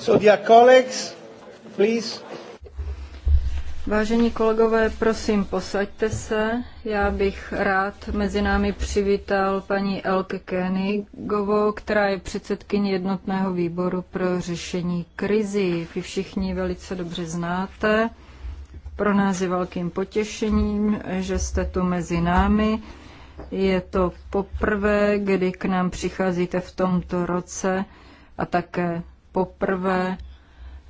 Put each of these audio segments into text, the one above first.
So dear colleagues, please. Vážení kolegové, prosím, posaďte se. Já bych rád mezi námi přivítal paní Elke Königovou, která je předsedkyní jednotného výboru pro řešení krizí. Vy všichni velice dobře znáte. Pro nás je velkým potěšením, že jste tu mezi námi. Je to poprvé, kdy k nám přicházíte v tomto roce a také poprvé,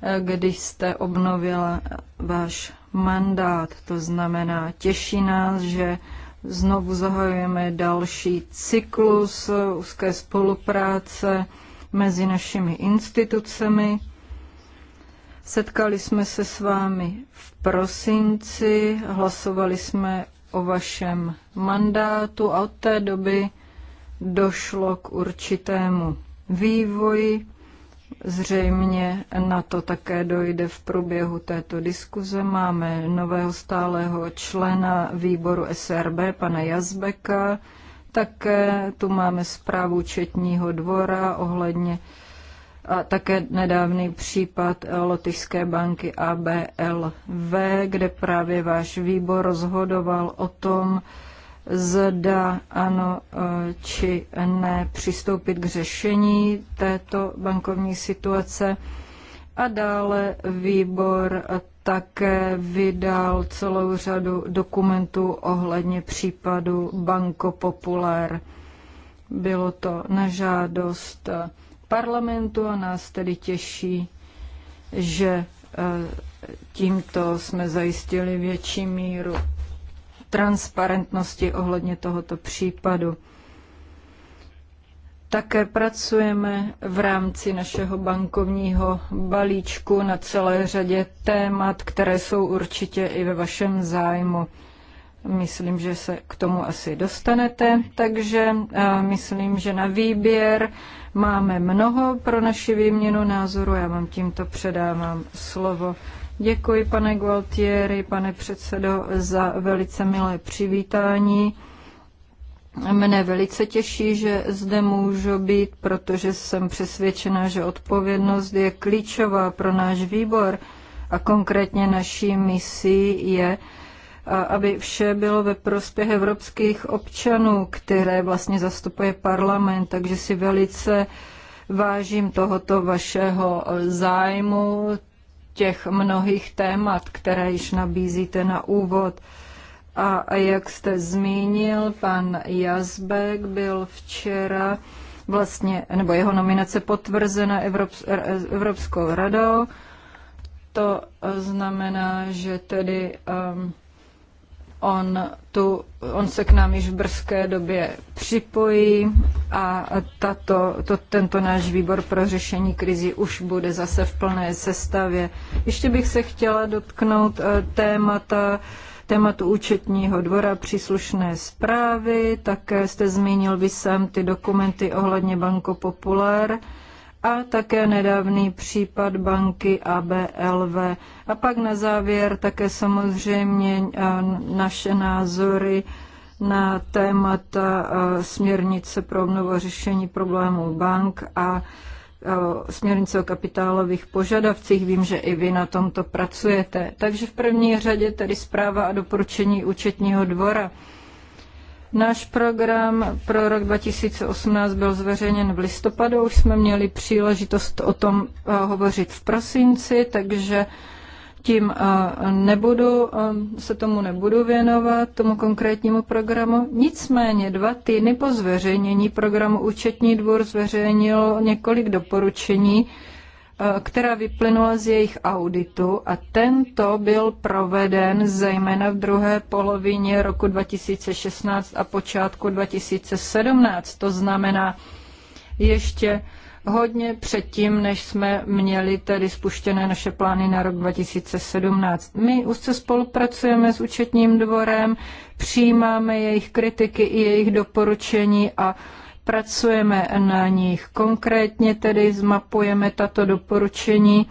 eh, když jste obnovila váš mandát. To znamená, těší nás, že znovu zahajujeme další cyklus eh, úzké spolupráce mezi našimi institucemi. Setkali jsme se s vámi v prosinci, hlasovali jsme o vašem mandátu a od té doby došlo k určitému vývoji. Zřejmě na to také dojde v průběhu této diskuze. Máme nového stálého člena výboru SRB, pana Jazbeka. Také tu máme zprávu Četního dvora ohledně a také nedávný případ Lotyšské banky ABLV, kde právě váš výbor rozhodoval o tom, zda ano e, či ne přistoupit k řešení této bankovní situace. A dále výbor také vydal celou řadu dokumentů ohledně případu Banko Popular. Bylo to na žádost parlamentu a nás tedy těší, že e, tímto jsme zajistili větší míru transparentnosti ohledně tohoto případu. Také pracujeme v rámci našeho bankovního balíčku na celé řadě témat, které jsou určitě i ve vašem zájmu. Myslím, že se k tomu asi dostanete, takže myslím, že na výběr máme mnoho pro naši výměnu názoru. Já vám tímto předávám slovo. Děkuji, pane Gualtieri, pane předsedo, za velice milé přivítání. Mne velice těší, že zde můžu být, protože jsem přesvědčena, že odpovědnost je klíčová pro náš výbor a konkrétně naší misí je, aby vše bylo ve prospěch evropských občanů, které vlastně zastupuje parlament, takže si velice vážím tohoto vašeho zájmu, těch mnohých témat, které již nabízíte na úvod. A jak jste zmínil, pan Jazbek byl včera vlastně, nebo jeho nominace potvrzena Evropskou radou. To znamená, že tedy um, On, tu, on se k nám již v brzké době připojí a tato, to, tento náš výbor pro řešení krizi už bude zase v plné sestavě. Ještě bych se chtěla dotknout eh, témata, tématu účetního dvora příslušné zprávy. Také jste zmínil vy sám ty dokumenty ohledně Banko Populár a také nedávný případ banky ABLV. A pak na závěr také samozřejmě naše názory na témata směrnice pro obnovu řešení problémů bank a směrnice o kapitálových požadavcích. Vím, že i vy na tomto pracujete. Takže v první řadě tedy zpráva a doporučení účetního dvora. Náš program pro rok 2018 byl zveřejněn v listopadu, už jsme měli příležitost o tom eh, hovořit v prosinci, takže tím eh, nebudu, eh, se tomu nebudu věnovat, tomu konkrétnímu programu. Nicméně dva týdny po zveřejnění programu Účetní dvůr zveřejnil několik doporučení, Eh, která vyplynula z jejich auditu a tento byl proveden zejména v druhé polovině roku 2016 a počátku 2017. To znamená ještě hodně předtím, než jsme měli tedy spuštěné naše plány na rok 2017. My už se spolupracujeme s účetním dvorem, přijímáme jejich kritiky i jejich doporučení a pracujeme na nich. Konkrétně tedy zmapujeme tato doporučení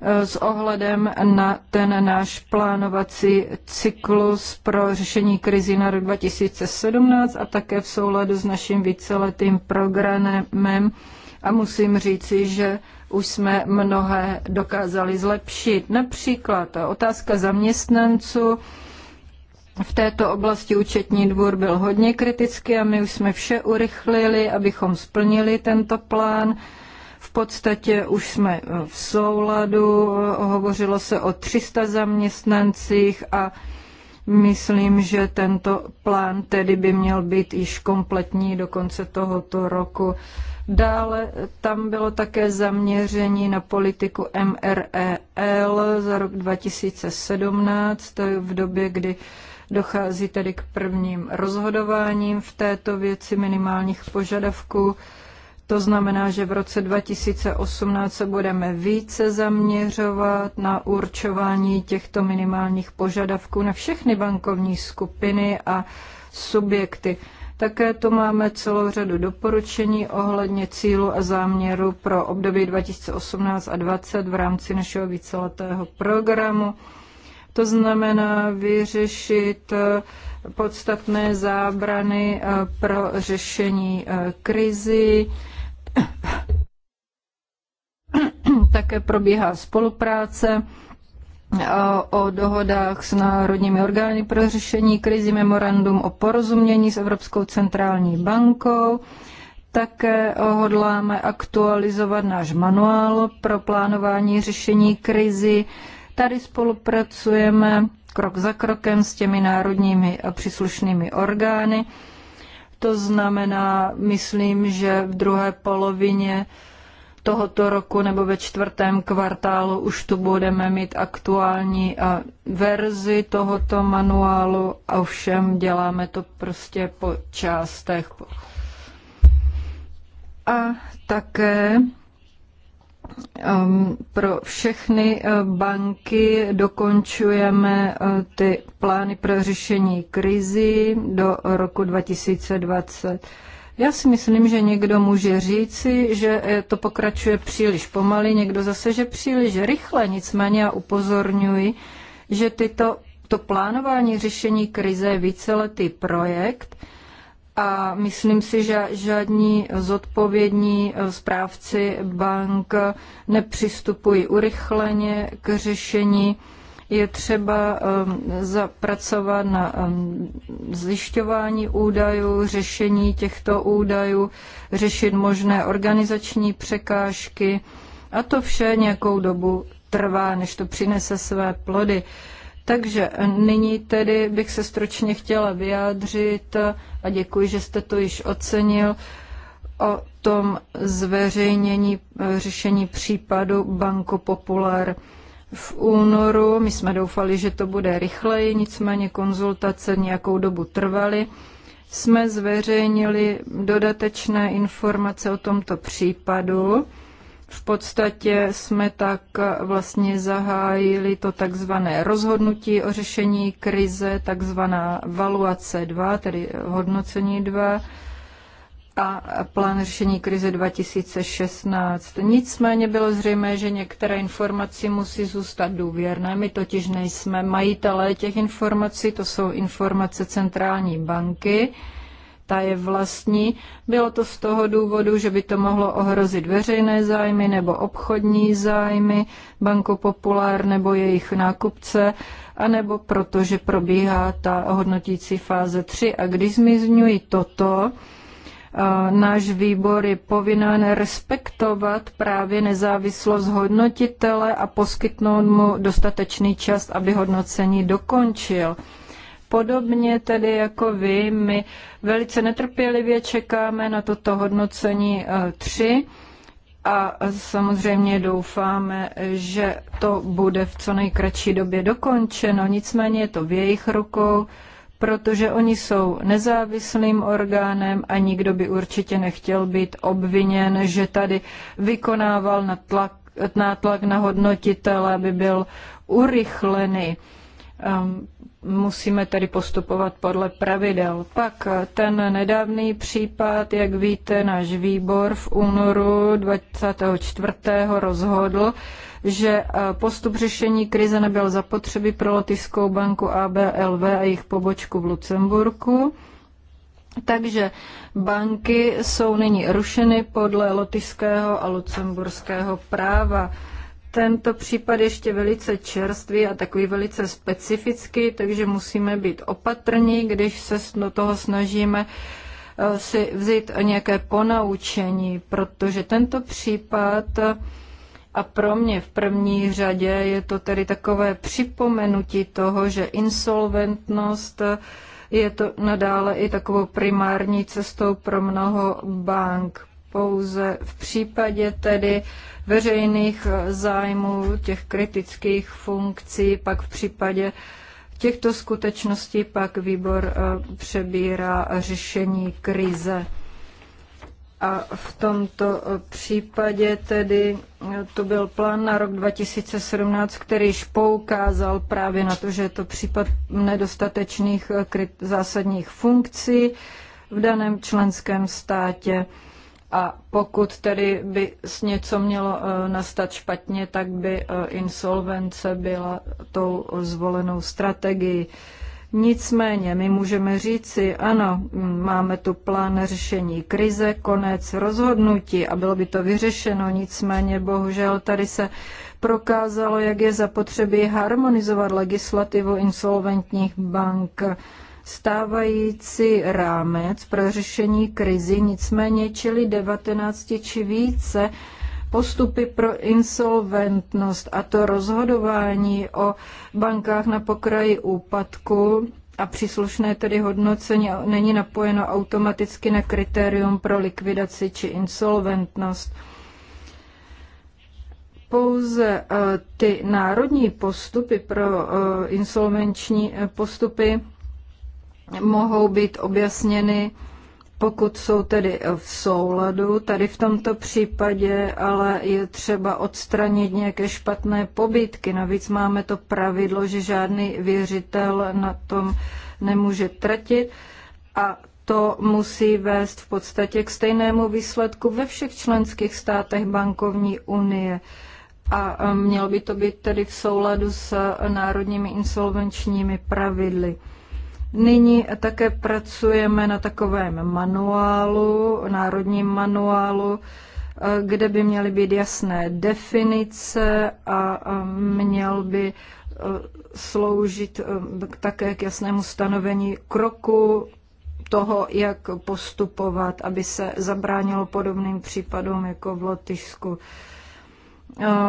e, s ohledem na ten náš plánovací cyklus pro řešení krizi na rok 2017 a také v souladu s naším víceletým programem. A musím říci, že už jsme mnohé dokázali zlepšit. Například otázka zaměstnanců, v této oblasti účetní dvůr byl hodně kritický a my už jsme vše urychlili, abychom splnili tento plán. V podstatě už jsme v souladu, hovořilo se o 300 zaměstnancích a myslím, že tento plán tedy by měl být již kompletní do konce tohoto roku. Dále tam bylo také zaměření na politiku MREL za rok 2017, to je v době, kdy Dochází tedy k prvním rozhodováním v této věci minimálních požadavků. To znamená, že v roce 2018 se budeme více zaměřovat na určování těchto minimálních požadavků na všechny bankovní skupiny a subjekty. Také tu máme celou řadu doporučení ohledně cílu a záměru pro období 2018 a 2020 v rámci našeho víceletého programu. To znamená vyřešit eh, podstatné zábrany eh, pro řešení eh, krizi. Také probíhá spolupráce o dohodách s národními orgány pro řešení krizi, memorandum o porozumění s Evropskou centrální bankou. Také hodláme aktualizovat náš manuál pro plánování řešení krizi Tady spolupracujeme krok za krokem s těmi národními a příslušnými orgány. To znamená, myslím, že v druhé polovině tohoto roku nebo ve čtvrtém kvartálu už tu budeme mít aktuální verzi tohoto manuálu, a všem děláme to prostě po částech. A také Um, pro všechny uh, banky dokončujeme uh, ty plány pro řešení krizi do roku 2020. Já si myslím, že někdo může říci, že eh, to pokračuje příliš pomaly, někdo zase, že příliš rychle. Nicméně já upozorňuji, že tyto, to plánování řešení krize je víceletý projekt, a myslím si, že žádní zodpovědní eh, správci bank nepřistupují urychleně k řešení. Je třeba ehm, zapracovat na ehm, zjišťování údajů, řešení těchto údajů, řešit možné organizační překážky a to vše nějakou dobu trvá, než to přinese své plody. Takže nyní tedy bych se stročně chtěla vyjádřit a děkuji, že jste to již ocenil o tom zveřejnění e, řešení případu Banko Popular v únoru. My jsme doufali, že to bude rychleji, nicméně konzultace nějakou dobu trvaly. Jsme zveřejnili dodatečné informace o tomto případu v podstatě jsme tak vlastně zahájili to takzvané rozhodnutí o řešení krize, takzvaná valuace 2, tedy hodnocení 2 a plán řešení krize 2016. Nicméně bylo zřejmé, že některé informace musí zůstat důvěrné. My totiž nejsme majitelé těch informací, to jsou informace centrální banky ta je vlastní. Bylo to z toho důvodu, že by to mohlo ohrozit veřejné zájmy nebo obchodní zájmy Banko Populár nebo jejich nákupce, anebo protože probíhá ta hodnotící fáze 3. A když zmizňují toto, náš výbor je povinen respektovat právě nezávislost hodnotitele a poskytnout mu dostatečný čas, aby hodnocení dokončil. Podobně tedy jako vy, my velice netrpělivě čekáme na toto hodnocení 3 eh, a samozřejmě doufáme, že to bude v co nejkratší době dokončeno. Nicméně je to v jejich rukou, protože oni jsou nezávislým orgánem a nikdo by určitě nechtěl být obviněn, že tady vykonával natlak, nátlak na hodnotitele, aby byl urychlený. Ehm, musíme tedy postupovat podle pravidel. Pak ten nedávný případ, jak víte, náš výbor v únoru 24. rozhodl, že postup řešení krize nebyl zapotřebí pro Lotyšskou banku ABLV a jejich pobočku v Lucemburku. Takže banky jsou nyní rušeny podle lotyšského a lucemburského práva tento případ ještě velice čerstvý a takový velice specifický, takže musíme být opatrní, když se do toho snažíme eh, si vzít nějaké ponaučení, protože tento případ eh, a pro mě v první řadě je to tedy takové připomenutí toho, že insolventnost eh, je to nadále i takovou primární cestou pro mnoho bank pouze v případě tedy veřejných zájmů, těch kritických funkcí, pak v případě těchto skutečností pak výbor eh, přebírá řešení krize. A v tomto eh, případě tedy eh, to byl plán na rok 2017, který již poukázal právě na to, že je to případ nedostatečných zásadních funkcí v daném členském státě. A pokud tedy by s něco mělo e, nastat špatně, tak by e, insolvence byla tou zvolenou strategií. Nicméně my můžeme říci, ano, máme tu plán řešení krize, konec rozhodnutí a bylo by to vyřešeno, nicméně bohužel tady se prokázalo, jak je zapotřebí harmonizovat legislativu insolventních bank stávající rámec pro řešení krizi, nicméně čili 19 či více postupy pro insolventnost a to rozhodování o bankách na pokraji úpadku a příslušné tedy hodnocení není napojeno automaticky na kritérium pro likvidaci či insolventnost pouze eh, ty národní postupy pro eh, insolvenční eh, postupy mohou být objasněny, pokud jsou tedy v souladu. Tady v tomto případě ale je třeba odstranit nějaké špatné pobytky. Navíc máme to pravidlo, že žádný věřitel na tom nemůže tratit. A to musí vést v podstatě k stejnému výsledku ve všech členských státech bankovní unie. A eh, mělo by to být tedy v souladu s eh, národními insolvenčními pravidly. Nyní také pracujeme na takovém manuálu, národním manuálu, kde by měly být jasné definice a měl by e, sloužit e, také k jasnému stanovení kroku toho, jak postupovat, aby se zabránilo podobným případům jako v Lotyšsku.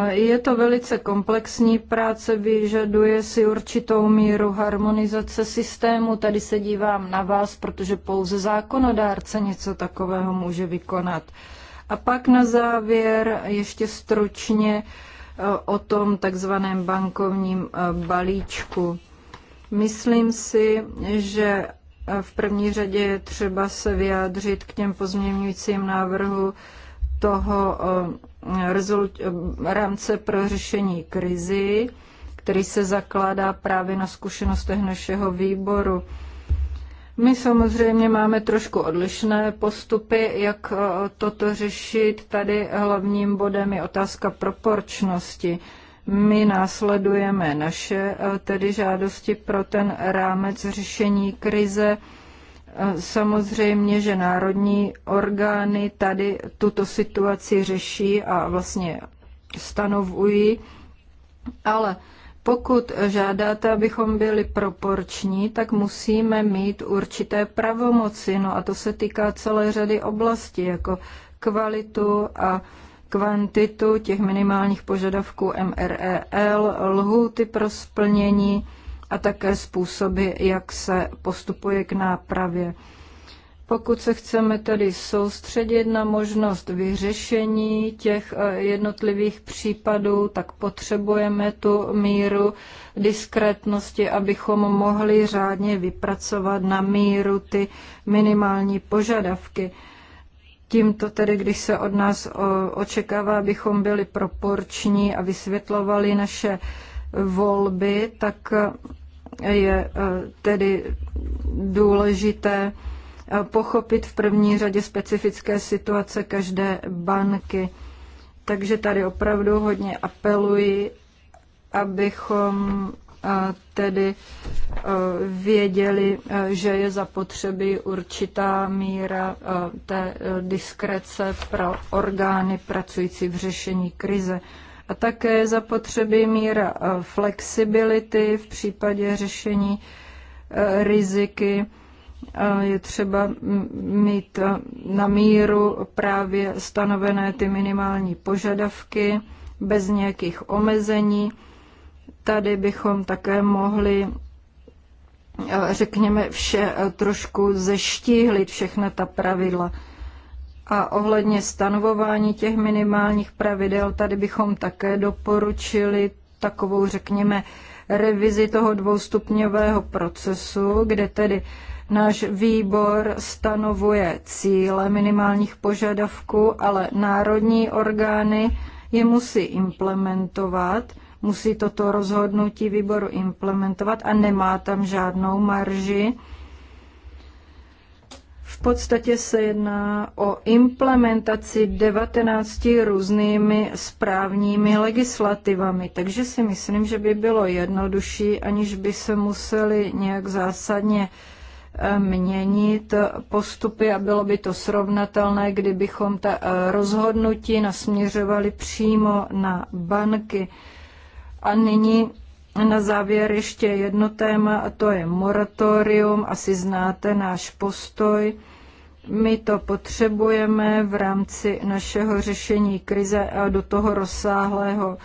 Je to velice komplexní práce, vyžaduje si určitou míru harmonizace systému. Tady se dívám na vás, protože pouze zákonodárce něco takového může vykonat. A pak na závěr ještě stručně e, o tom takzvaném bankovním e, balíčku. Myslím si, že e, v první řadě je třeba se vyjádřit k těm pozměňujícím návrhu toho eh, eh, rámce pro řešení krizi, který se zakládá právě na zkušenostech našeho výboru. My samozřejmě máme trošku odlišné postupy, jak eh, toto řešit. Tady hlavním bodem je otázka proporčnosti. My následujeme naše tedy žádosti pro ten rámec řešení krize Samozřejmě, že národní orgány tady tuto situaci řeší a vlastně stanovují, ale pokud žádáte, abychom byli proporční, tak musíme mít určité pravomoci, no a to se týká celé řady oblastí, jako kvalitu a kvantitu těch minimálních požadavků MREL, lhůty pro splnění, a také způsoby, jak se postupuje k nápravě. Pokud se chceme tedy soustředit na možnost vyřešení těch eh, jednotlivých případů, tak potřebujeme tu míru diskrétnosti, abychom mohli řádně vypracovat na míru ty minimální požadavky. Tímto tedy, když se od nás očekává, abychom byli proporční a vysvětlovali naše volby, tak eh, je eh, tedy důležité eh, pochopit v první řadě specifické situace každé banky. Takže tady opravdu hodně apeluji, abychom eh, tedy věděli, že je zapotřebí určitá míra té diskrece pro orgány pracující v řešení krize. A také zapotřebí míra eh, flexibility v případě řešení eh, riziky. Eh, je třeba mít na míru právě stanovené ty minimální požadavky bez nějakých omezení. Tady bychom také mohli řekněme, vše trošku zeštíhlit, všechna ta pravidla. A ohledně stanovování těch minimálních pravidel, tady bychom také doporučili takovou, řekněme, revizi toho dvoustupňového procesu, kde tedy náš výbor stanovuje cíle minimálních požadavků, ale národní orgány je musí implementovat, musí toto rozhodnutí výboru implementovat a nemá tam žádnou marži podstatě se jedná o implementaci 19 různými správními legislativami, takže si myslím, že by bylo jednodušší, aniž by se museli nějak zásadně eh, měnit postupy a bylo by to srovnatelné, kdybychom ta eh, rozhodnutí nasměřovali přímo na banky. A nyní na závěr ještě jedno téma a to je moratorium. Asi znáte náš postoj. My to potřebujeme v rámci našeho řešení krize a do toho rozsáhlého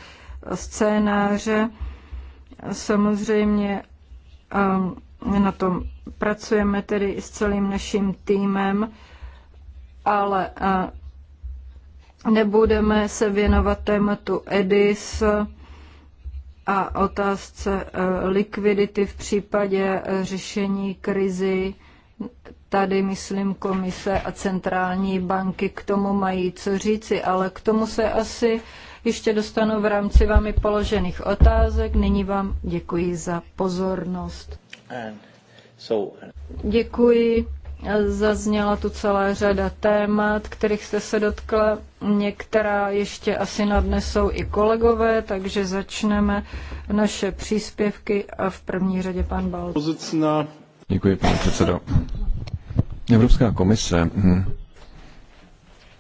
scénáře. Samozřejmě um, na tom pracujeme tedy i s celým naším týmem, ale uh, nebudeme se věnovat tématu EDIS, a otázce eh, likvidity v případě eh, řešení krizi. Tady, myslím, komise a centrální banky k tomu mají co říci, ale k tomu se asi ještě dostanu v rámci vámi položených otázek. Nyní vám děkuji za pozornost. Děkuji Zazněla tu celá řada témat, kterých jste se dotkla. Některá ještě asi nadnesou i kolegové, takže začneme naše příspěvky a v první řadě pan Bal. Děkuji, pane předsedo. Evropská komise hm,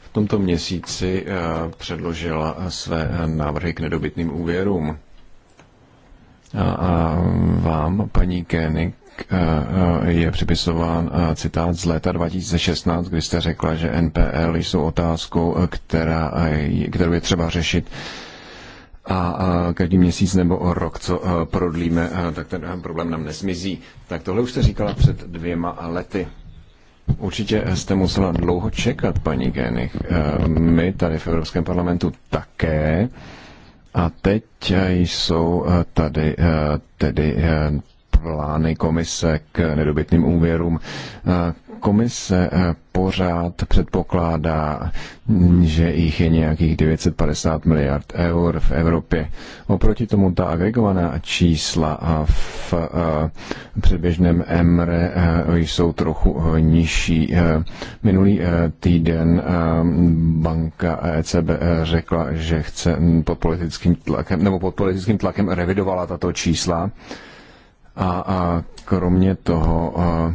v tomto měsíci eh, předložila své návrhy k nedobytným úvěrům. A, vám, paní Kénik, Eh, eh, je připisován eh, citát z léta 2016, kdy jste řekla, že NPL jsou otázkou, která, kterou je třeba řešit a každý měsíc nebo rok, co prodlíme, tak ten problém nám nesmizí. Tak tohle už jste říkala před dvěma lety. Určitě jste musela dlouho čekat, paní Genich. My tady v Evropském parlamentu také. A teď jsou tady tedy vlány komise k nedobytným úvěrům. Komise e, pořád předpokládá, že jich je nějakých 950 miliard eur v Evropě. Oproti tomu ta agregovaná čísla v e, předběžném EMRE e, jsou trochu nižší. Minulý týden banka ECB řekla, že chce pod politickým tlakem, nebo pod politickým tlakem revidovala tato čísla a, a kromě toho a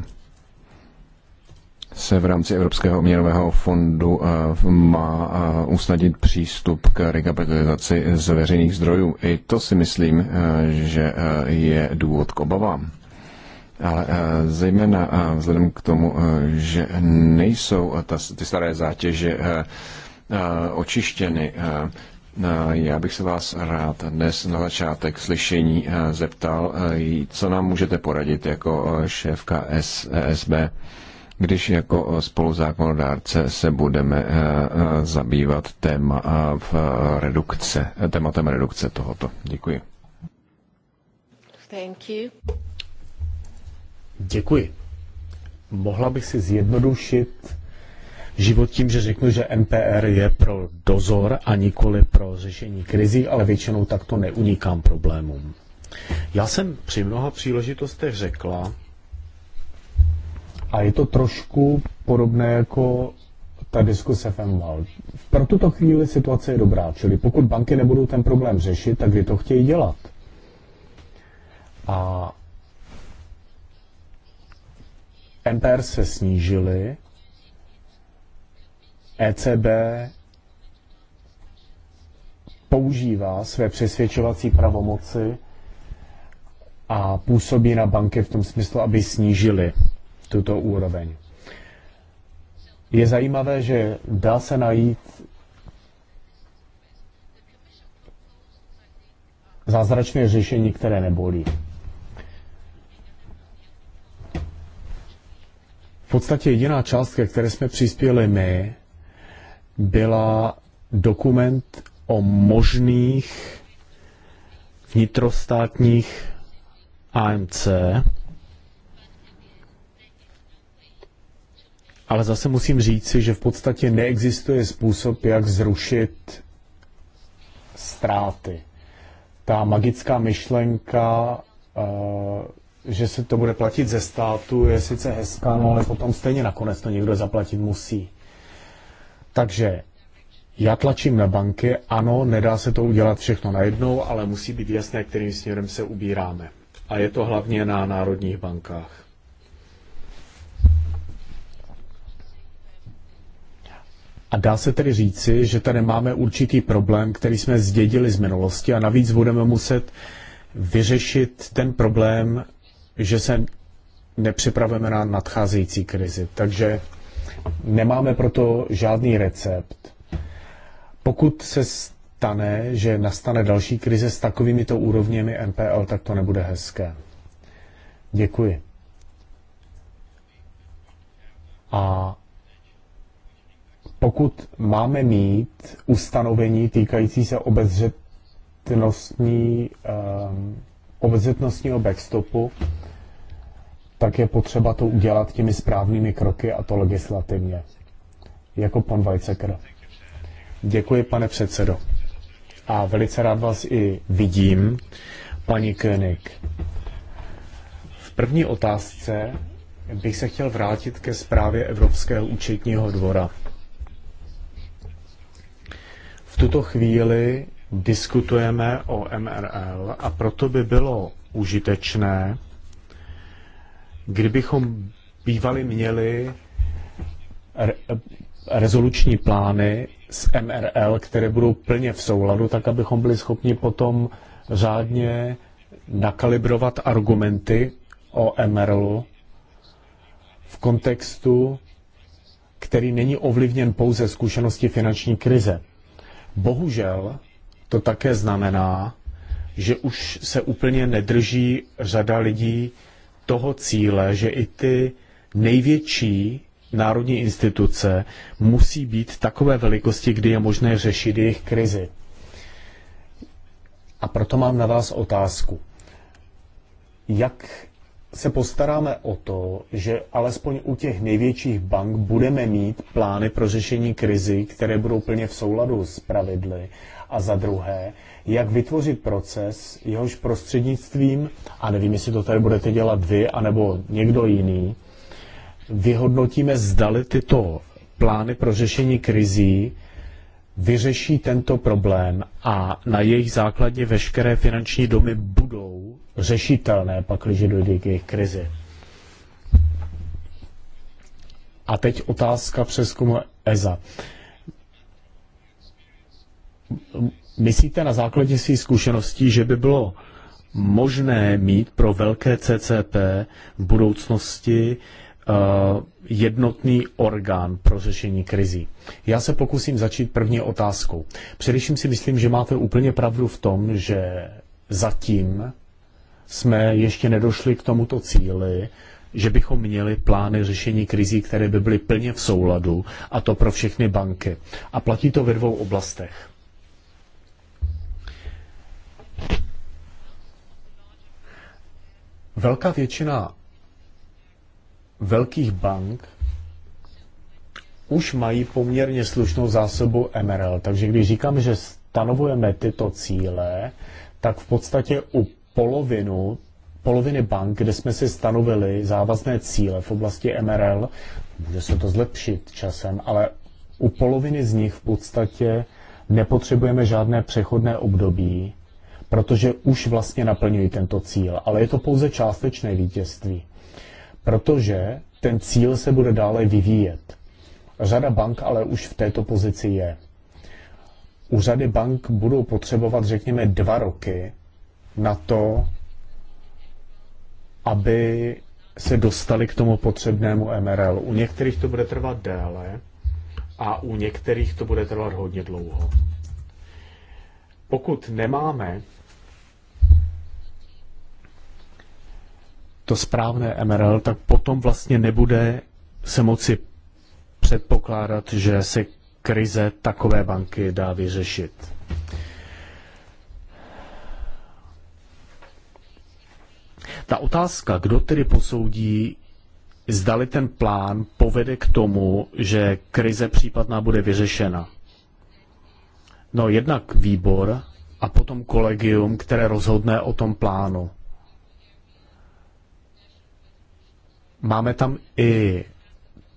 se v rámci Evropského měnového fondu má usnadnit přístup k rekapitalizaci z veřejných zdrojů. I to si myslím, že je důvod k obavám. Ale zejména vzhledem k tomu, že nejsou ty staré zátěže očištěny Eh, já bych se vás rád dnes na začátek slyšení eh, zeptal, eh, co nám můžete poradit jako šéfka SSB, e když jako spoluzákonodárce se budeme zabývat téma v redukce, tématem redukce tohoto. Děkuji. Thank you. Děkuji. Mohla bych si zjednodušit život tím, že řeknu, že MPR je pro dozor a nikoli pro řešení krizí, ale většinou takto neunikám problémům. Já jsem při mnoha příležitostech řekla, a je to trošku podobné jako ta diskuse v MVAL. Pro tuto chvíli situace je dobrá, čili pokud banky nebudou ten problém řešit, tak kdy to chtějí dělat? A MPR se snížily, ECB používá své přesvědčovací pravomoci a působí na banky v tom smyslu, aby snížili tuto úroveň. Je zajímavé, že dá se najít zázračné řešení, které nebolí. V podstatě jediná částka, které jsme přispěli my, byla dokument o možných vnitrostátních AMC, ale zase musím říci, že v podstatě neexistuje způsob, jak zrušit ztráty. Ta magická myšlenka, eh, že se to bude platit ze státu, je sice hezká, no ale potom stejně nakonec to někdo zaplatit musí. Takže já tlačím na banky, ano, nedá se to udělat všechno najednou, ale musí být jasné, kterým směrem se ubíráme. A je to hlavně na národních bankách. A dá se tedy říci, že tady máme určitý problém, který jsme zdědili z minulosti a navíc budeme muset vyřešit ten problém, že se nepřipravujeme na nadcházející krizi. Takže Nemáme proto žádný recept. Pokud se stane, že nastane další krize s takovými to úrovněmi MPL, tak to nebude hezké. Děkuji. A pokud máme mít ustanovení týkající se obezřetnostní, um, obezřetnostního backstopu, tak je potřeba to udělat těmi správnými kroky a to legislativně. Jako pan Vajcekr. Děkuji, pane předsedo. A velice rád vás i vidím, paní König. V první otázce bych se chtěl vrátit ke zprávě Evropského účetního dvora. V tuto chvíli diskutujeme o MRL a proto by bylo užitečné, kdybychom bývali měli re, rezoluční plány z MRL, které budou plně v souladu, tak abychom byli schopni potom řádně nakalibrovat argumenty o MRL v kontextu, který není ovlivněn pouze zkušeností finanční krize. Bohužel to také znamená, že už se úplně nedrží řada lidí toho cíle, že i ty největší národní instituce musí být takové velikosti, kdy je možné řešit jejich krizi. A proto mám na vás otázku. Jak se postaráme o to, že alespoň u těch největších bank budeme mít plány pro řešení krizi, které budou plně v souladu s pravidly a za druhé, jak vytvořit proces, jehož prostřednictvím, a nevím, jestli to tady budete dělat vy, anebo někdo jiný, vyhodnotíme, zdali tyto plány pro řešení krizí vyřeší tento problém a na jejich základě veškeré finanční domy budou řešitelné, pakliže dojde k jejich krizi. A teď otázka přeskumu EZA myslíte na základě svých zkušeností, že by bylo možné mít pro velké CCP v budoucnosti eh, jednotný orgán pro řešení krizí. Já se pokusím začít první otázkou. Především si myslím, že máte úplně pravdu v tom, že zatím jsme ještě nedošli k tomuto cíli, že bychom měli plány řešení krizí, které by byly plně v souladu, a to pro všechny banky. A platí to ve dvou oblastech. Velká většina velkých bank už mají poměrně slušnou zásobu MRL, takže když říkám, že stanovujeme tyto cíle, tak v podstatě u polovinu, poloviny bank, kde jsme si stanovili závazné cíle v oblasti MRL, může se to zlepšit časem, ale u poloviny z nich v podstatě nepotřebujeme žádné přechodné období, protože už vlastně naplňují tento cíl, ale je to pouze částečné vítězství, protože ten cíl se bude dále vyvíjet. Řada bank ale už v této pozici je. U řady bank budou potřebovat, řekněme, dva roky na to, aby se dostali k tomu potřebnému MRL. U některých to bude trvat déle a u některých to bude trvat hodně dlouho. Pokud nemáme to správné MRL, tak potom vlastně nebude se moci předpokládat, že se krize takové banky dá vyřešit. Ta otázka, kdo tedy posoudí, zdali ten plán povede k tomu, že krize případná bude vyřešena. No jednak výbor a potom kolegium, které rozhodne o tom plánu. Máme tam i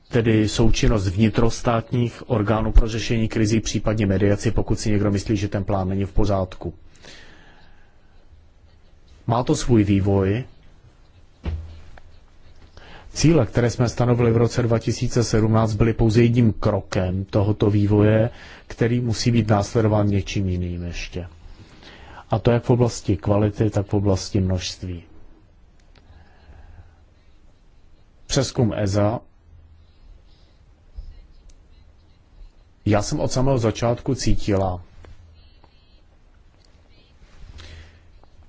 tedy součinnost vnitrostátních orgánů pro řešení krizí, případně mediaci, pokud si někdo myslí, že ten plán není v pořádku. Má to svůj vývoj. Cíle, které jsme stanovili v roce 2017, byly pouze jedním krokem tohoto vývoje, který musí být následován něčím jiným ještě. A to jak v oblasti kvality, tak v oblasti množství. přeskum EZA. Já jsem od samého začátku cítila,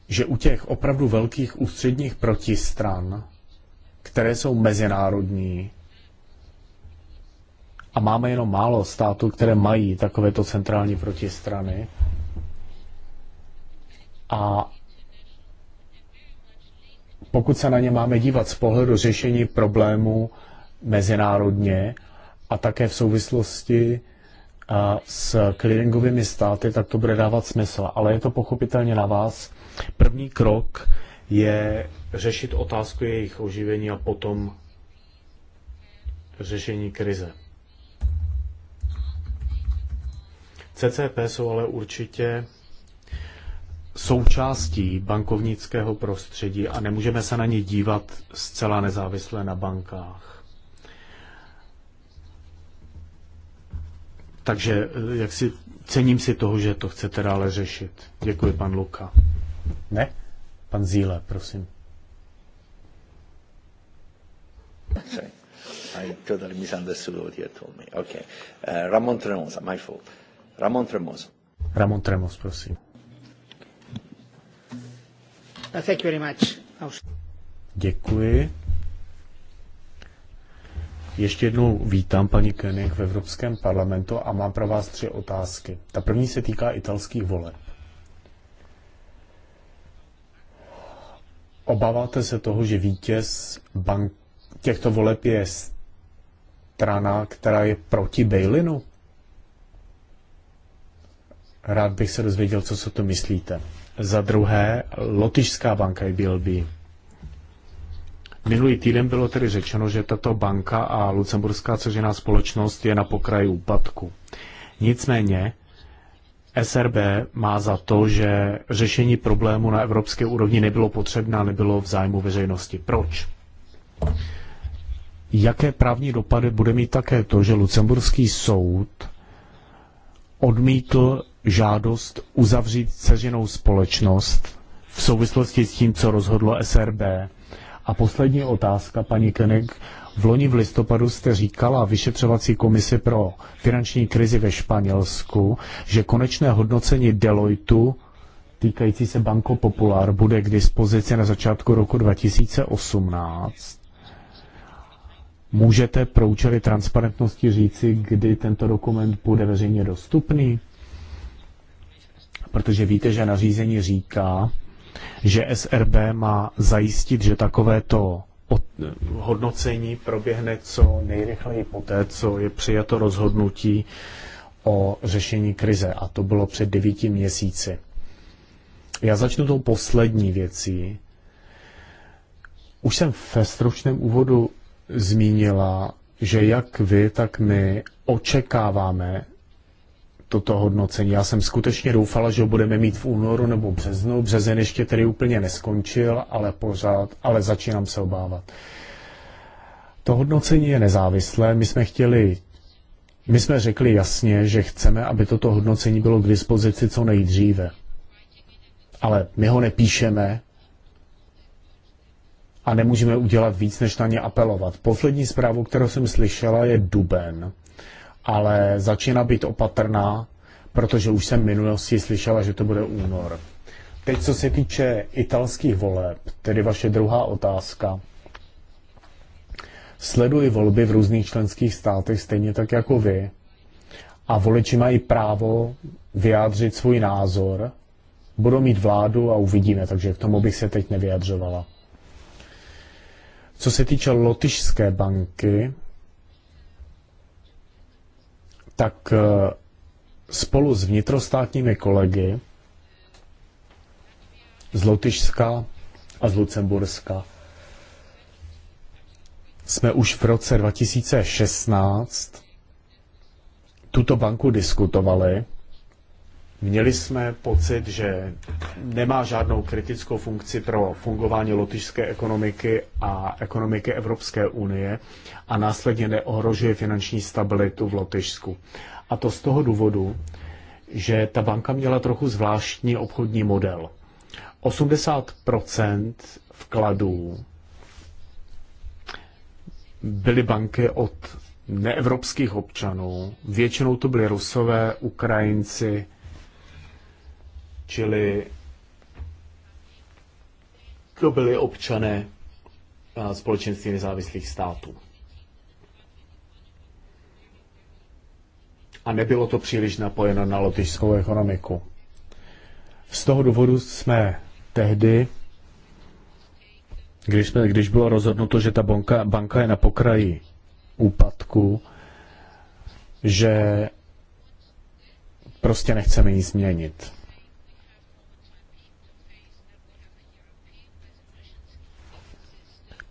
že u těch opravdu velkých ústředních protistran, které jsou mezinárodní, a máme jenom málo států, které mají takovéto centrální protistrany, a pokud se na ně máme dívat z pohledu řešení problémů mezinárodně a také v souvislosti a s clearingovými státy, tak to bude dávat smysl. Ale je to pochopitelně na vás. První krok je řešit otázku jejich oživení a potom řešení krize. CCP jsou ale určitě součástí bankovnického prostředí a nemůžeme se na ně dívat zcela nezávisle na bankách. Takže eh, jak si cením si toho, že to chcete dále řešit. Děkuji, pan Luka. Ne? Pan Zíle, prosím. Sorry. I totally misunderstood what you told me. Okay. Uh, Ramon Tremosa, my fault. Ramon Tremosa. Ramon Tremos, prosím. Uh, thank you very much. Děkuji. Ještě jednou vítám paní König v Evropském parlamentu a mám pro vás tři otázky. Ta první se týká italských voleb. Obáváte se toho, že vítěz bank těchto voleb je strana, která je proti Bejlinu? Rád bych se dozvěděl, co se to myslíte. Za druhé, Lotyšská banka IBLB. Minulý týden bylo tedy řečeno, že tato banka a Lucemburská cožená společnost je na pokraji úpadku. Nicméně, SRB má za to, že řešení problému na evropské úrovni nebylo potřebné, nebylo v zájmu veřejnosti. Proč? Jaké právní dopady bude mít také to, že Lucemburský soud odmítl žádost uzavřít ceřinou společnost v souvislosti s tím, co rozhodlo SRB. A poslední otázka, paní Kenek. V loni v listopadu jste říkala vyšetřovací komisi pro finanční krizi ve Španělsku, že konečné hodnocení Deloitu týkající se Banco Popular bude k dispozici na začátku roku 2018. Můžete pro účely transparentnosti říci, kdy tento dokument bude veřejně dostupný? protože víte, že nařízení říká, že SRB má zajistit, že takovéto hodnocení proběhne co nejrychleji poté, co je přijato rozhodnutí o řešení krize. A to bylo před devíti měsíci. Já začnu tou poslední věcí. Už jsem ve stručném úvodu zmínila, že jak vy, tak my očekáváme toto hodnocení. Já jsem skutečně doufala, že ho budeme mít v únoru nebo březnu. Březen ještě tedy úplně neskončil, ale pořád, ale začínám se obávat. To hodnocení je nezávislé. My jsme chtěli my jsme řekli jasně, že chceme, aby toto hodnocení bylo k dispozici co nejdříve. Ale my ho nepíšeme a nemůžeme udělat víc, než na ně apelovat. Poslední zprávu, kterou jsem slyšela, je duben ale začíná být opatrná, protože už jsem v minulosti slyšela, že to bude únor. Teď, co se týče italských voleb, tedy vaše druhá otázka. Sleduji volby v různých členských státech stejně tak jako vy. A voliči mají právo vyjádřit svůj názor. Budou mít vládu a uvidíme, takže k tomu bych se teď nevyjadřovala. Co se týče lotyšské banky, tak eh, spolu s vnitrostátními kolegy z Lotyšska a z Lucemburska jsme už v roce 2016 tuto banku diskutovali Měli jsme pocit, že nemá žádnou kritickou funkci pro fungování lotyšské ekonomiky a ekonomiky Evropské unie a následně neohrožuje finanční stabilitu v Lotyšsku. A to z toho důvodu, že ta banka měla trochu zvláštní obchodní model. 80 vkladů byly banky od neevropských občanů. Většinou to byli Rusové, Ukrajinci, Čili to byli občané společenství nezávislých států. A nebylo to příliš napojeno na lotyšskou ekonomiku. Z toho důvodu jsme tehdy, když, jsme, když bylo rozhodnuto, že ta banka, banka je na pokraji úpadku, že prostě nechceme nic změnit.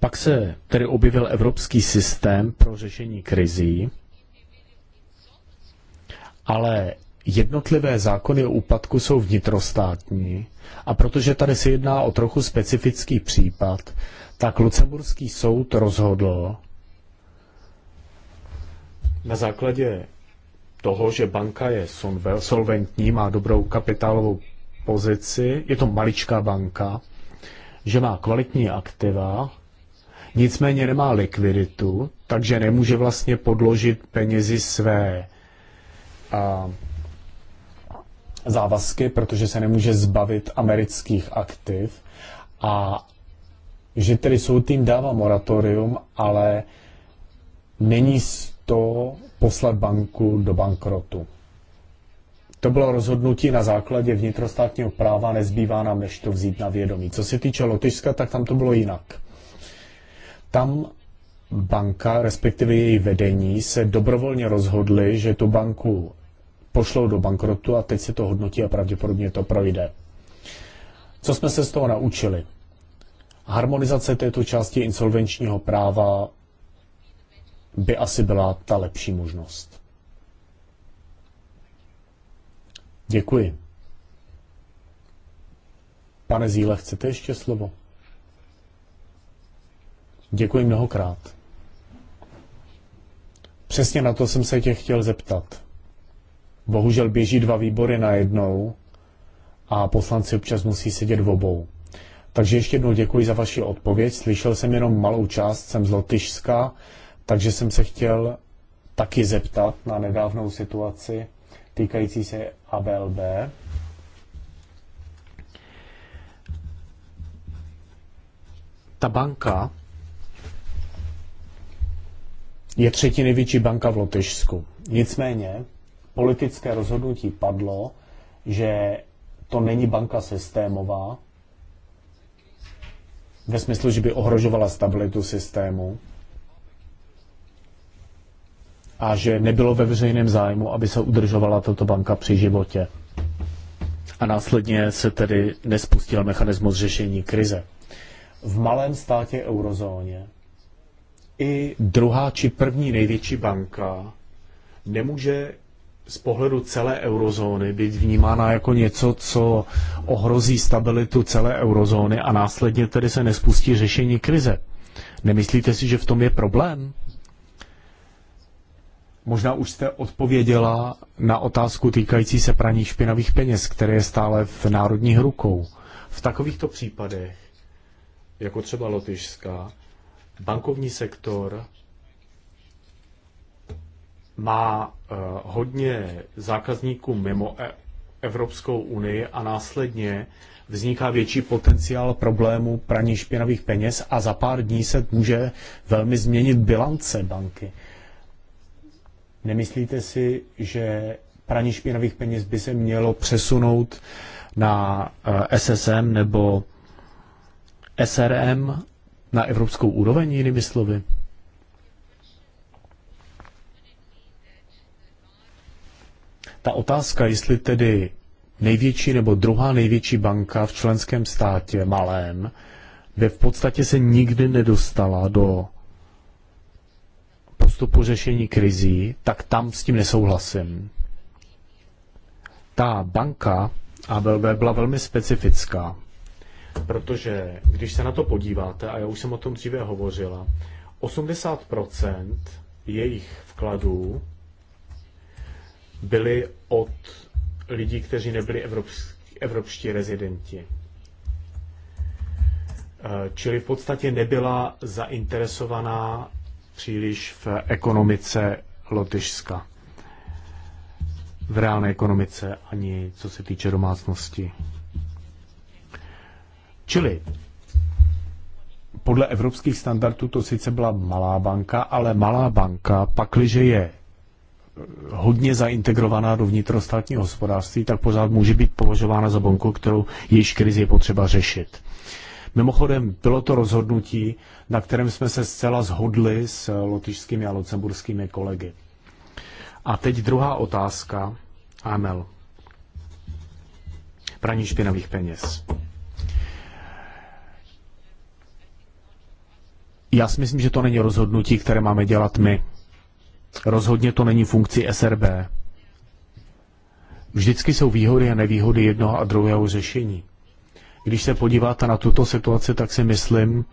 pak se tedy objevil evropský systém pro řešení krizí, ale jednotlivé zákony o úpadku jsou vnitrostátní a protože tady se jedná o trochu specifický případ, tak Lucemburský soud rozhodl na základě toho, že banka je solventní, má dobrou kapitálovou pozici, je to maličká banka, že má kvalitní aktiva, nicméně nemá likviditu, takže nemůže vlastně podložit penězi své a, závazky, protože se nemůže zbavit amerických aktiv a že tedy soud dává moratorium, ale není z to poslat banku do bankrotu. To bylo rozhodnutí na základě vnitrostátního práva, nezbývá nám než to vzít na vědomí. Co se týče Lotyšska, tak tam to bylo jinak. Tam banka, respektive její vedení, se dobrovolně rozhodli, že tu banku pošlou do bankrotu a teď se to hodnotí a pravděpodobně to projde. Co jsme se z toho naučili? Harmonizace této části insolvenčního práva by asi byla ta lepší možnost. Děkuji. Pane Zíle, chcete ještě slovo? Děkuji mnohokrát. Přesně na to jsem se tě chtěl zeptat. Bohužel běží dva výbory na jednou a poslanci občas musí sedět v obou. Takže ještě jednou děkuji za vaši odpověď. Slyšel jsem jenom malou část, jsem z Lotyšska, takže jsem se chtěl taky zeptat na nedávnou situaci týkající se ABLB. Ta banka je třetí největší banka v Lotyšsku. Nicméně politické rozhodnutí padlo, že to není banka systémová, ve smyslu, že by ohrožovala stabilitu systému a že nebylo ve veřejném zájmu, aby se udržovala tato banka při životě. A následně se tedy nespustil mechanismus řešení krize. V malém státě eurozóně i druhá či první největší banka nemůže z pohledu celé eurozóny být vnímána jako něco, co ohrozí stabilitu celé eurozóny a následně tedy se nespustí řešení krize. Nemyslíte si, že v tom je problém? Možná už jste odpověděla na otázku týkající se praní špinavých peněz, které je stále v národních rukou. V takovýchto případech, jako třeba Lotyšská, bankovní sektor má eh, hodně zákazníků mimo e- Evropskou unii a následně vzniká větší potenciál problému praní špinavých peněz a za pár dní se může velmi změnit bilance banky. Nemyslíte si, že praní špinavých peněz by se mělo přesunout na eh, SSM nebo SRM na evropskou úroveň, jinými slovy? Ta otázka, jestli tedy největší nebo druhá největší banka v členském státě, malém, by v podstatě se nikdy nedostala do postupu řešení krizí, tak tam s tím nesouhlasím. Ta banka ABLB byla velmi specifická. Protože když se na to podíváte, a já už jsem o tom dříve hovořila, 80% jejich vkladů byly od lidí, kteří nebyli evropský, evropští rezidenti. Eh, čili v podstatě nebyla zainteresovaná příliš v ekonomice Lotyšska. V reálné ekonomice ani co se týče domácnosti. Čili podle evropských standardů to sice byla malá banka, ale malá banka, pakliže je eh, hodně zaintegrovaná do vnitrostátního hospodářství, tak pořád může být považována za banku, kterou již krizi je potřeba řešit. Mimochodem, bylo to rozhodnutí, na kterém jsme se zcela zhodli s eh, lotyšskými a lucemburskými kolegy. A teď druhá otázka. AML. Praní špinavých peněz. Já si myslím, že to není rozhodnutí, které máme dělat my. Rozhodně to není funkci SRB. Vždycky jsou výhody a nevýhody jednoho a druhého řešení. Když se podíváte na tuto situaci, tak si myslím,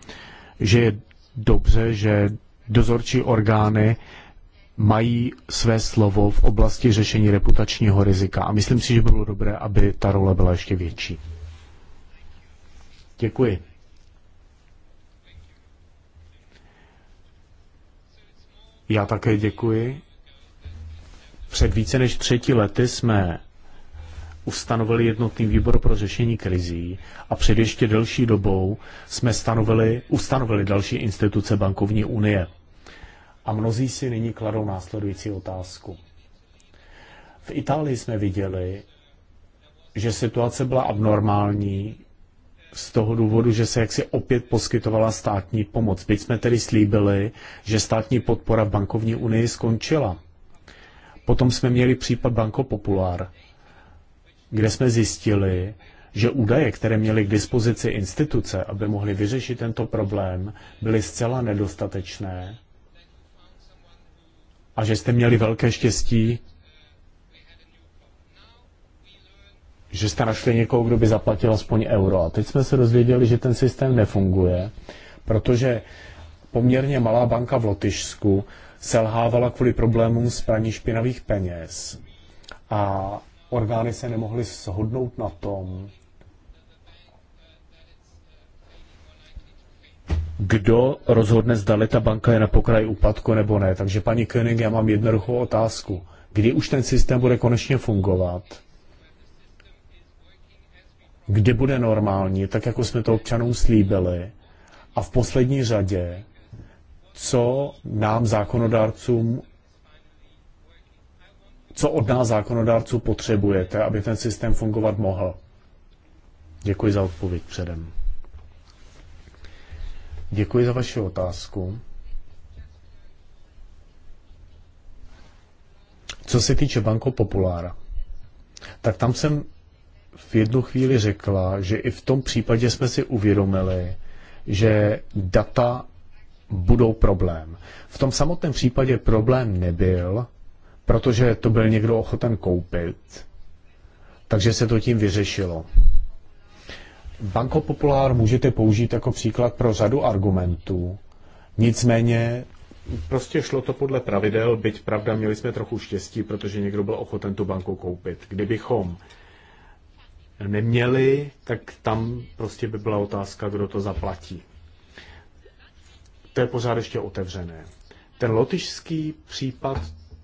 že je dobře, že dozorčí orgány mají své slovo v oblasti řešení reputačního rizika. A myslím si, že bylo dobré, aby ta role byla ještě větší. Děkuji. Já také děkuji. Před více než třetí lety jsme ustanovili jednotný výbor pro řešení krizí a před ještě delší dobou jsme stanovili, ustanovili další instituce bankovní unie. A mnozí si nyní kladou následující otázku. V Itálii jsme viděli, že situace byla abnormální, z toho důvodu, že se jaksi opět poskytovala státní pomoc. Byť jsme tedy slíbili, že státní podpora v bankovní unii skončila. Potom jsme měli případ Banko Popular, kde jsme zjistili, že údaje, které měly k dispozici instituce, aby mohly vyřešit tento problém, byly zcela nedostatečné a že jste měli velké štěstí, že jste našli někoho, kdo by zaplatil aspoň euro. A teď jsme se dozvěděli, že ten systém nefunguje, protože poměrně malá banka v Lotyšsku selhávala kvůli problémům s praní špinavých peněz. A orgány se nemohly shodnout na tom, kdo rozhodne, zdali ta banka je na pokraji úpadku nebo ne. Takže paní König, já mám jednoduchou otázku. Kdy už ten systém bude konečně fungovat? kdy bude normální, tak jako jsme to občanům slíbili. A v poslední řadě, co nám zákonodárcům co od nás zákonodárců potřebujete, aby ten systém fungovat mohl? Děkuji za odpověď předem. Děkuji za vaši otázku. Co se týče Banko Populára, tak tam jsem v jednu chvíli řekla, že i v tom případě jsme si uvědomili, že data budou problém. V tom samotném případě problém nebyl, protože to byl někdo ochoten koupit, takže se to tím vyřešilo. Banko Populár můžete použít jako příklad pro řadu argumentů, nicméně prostě šlo to podle pravidel, byť pravda, měli jsme trochu štěstí, protože někdo byl ochoten tu banku koupit. Kdybychom neměli, tak tam prostě by byla otázka, kdo to zaplatí. To je pořád ještě otevřené. Ten lotyšský případ,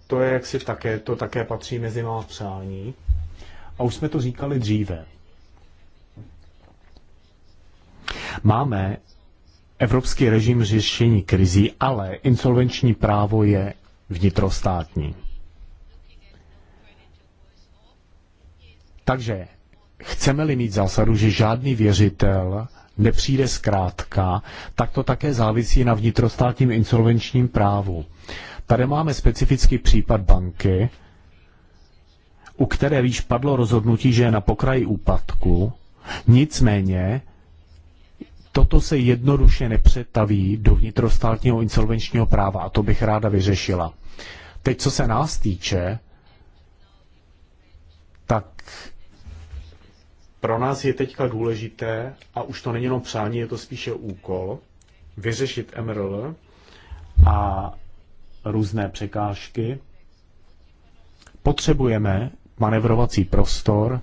to je jaksi také, to také patří mezi má přání. A už jsme to říkali dříve. Máme evropský režim řešení krizí, ale insolvenční právo je vnitrostátní. Takže chceme-li mít zásadu, že žádný věřitel nepřijde zkrátka, tak to také závisí na vnitrostátním insolvenčním právu. Tady máme specifický případ banky, u které víš padlo rozhodnutí, že je na pokraji úpadku, nicméně toto se jednoduše nepřetaví do vnitrostátního insolvenčního práva a to bych ráda vyřešila. Teď, co se nás týče, tak pro nás je teďka důležité, a už to není jenom přání, je to spíše úkol, vyřešit MRL a různé překážky. Potřebujeme manevrovací prostor,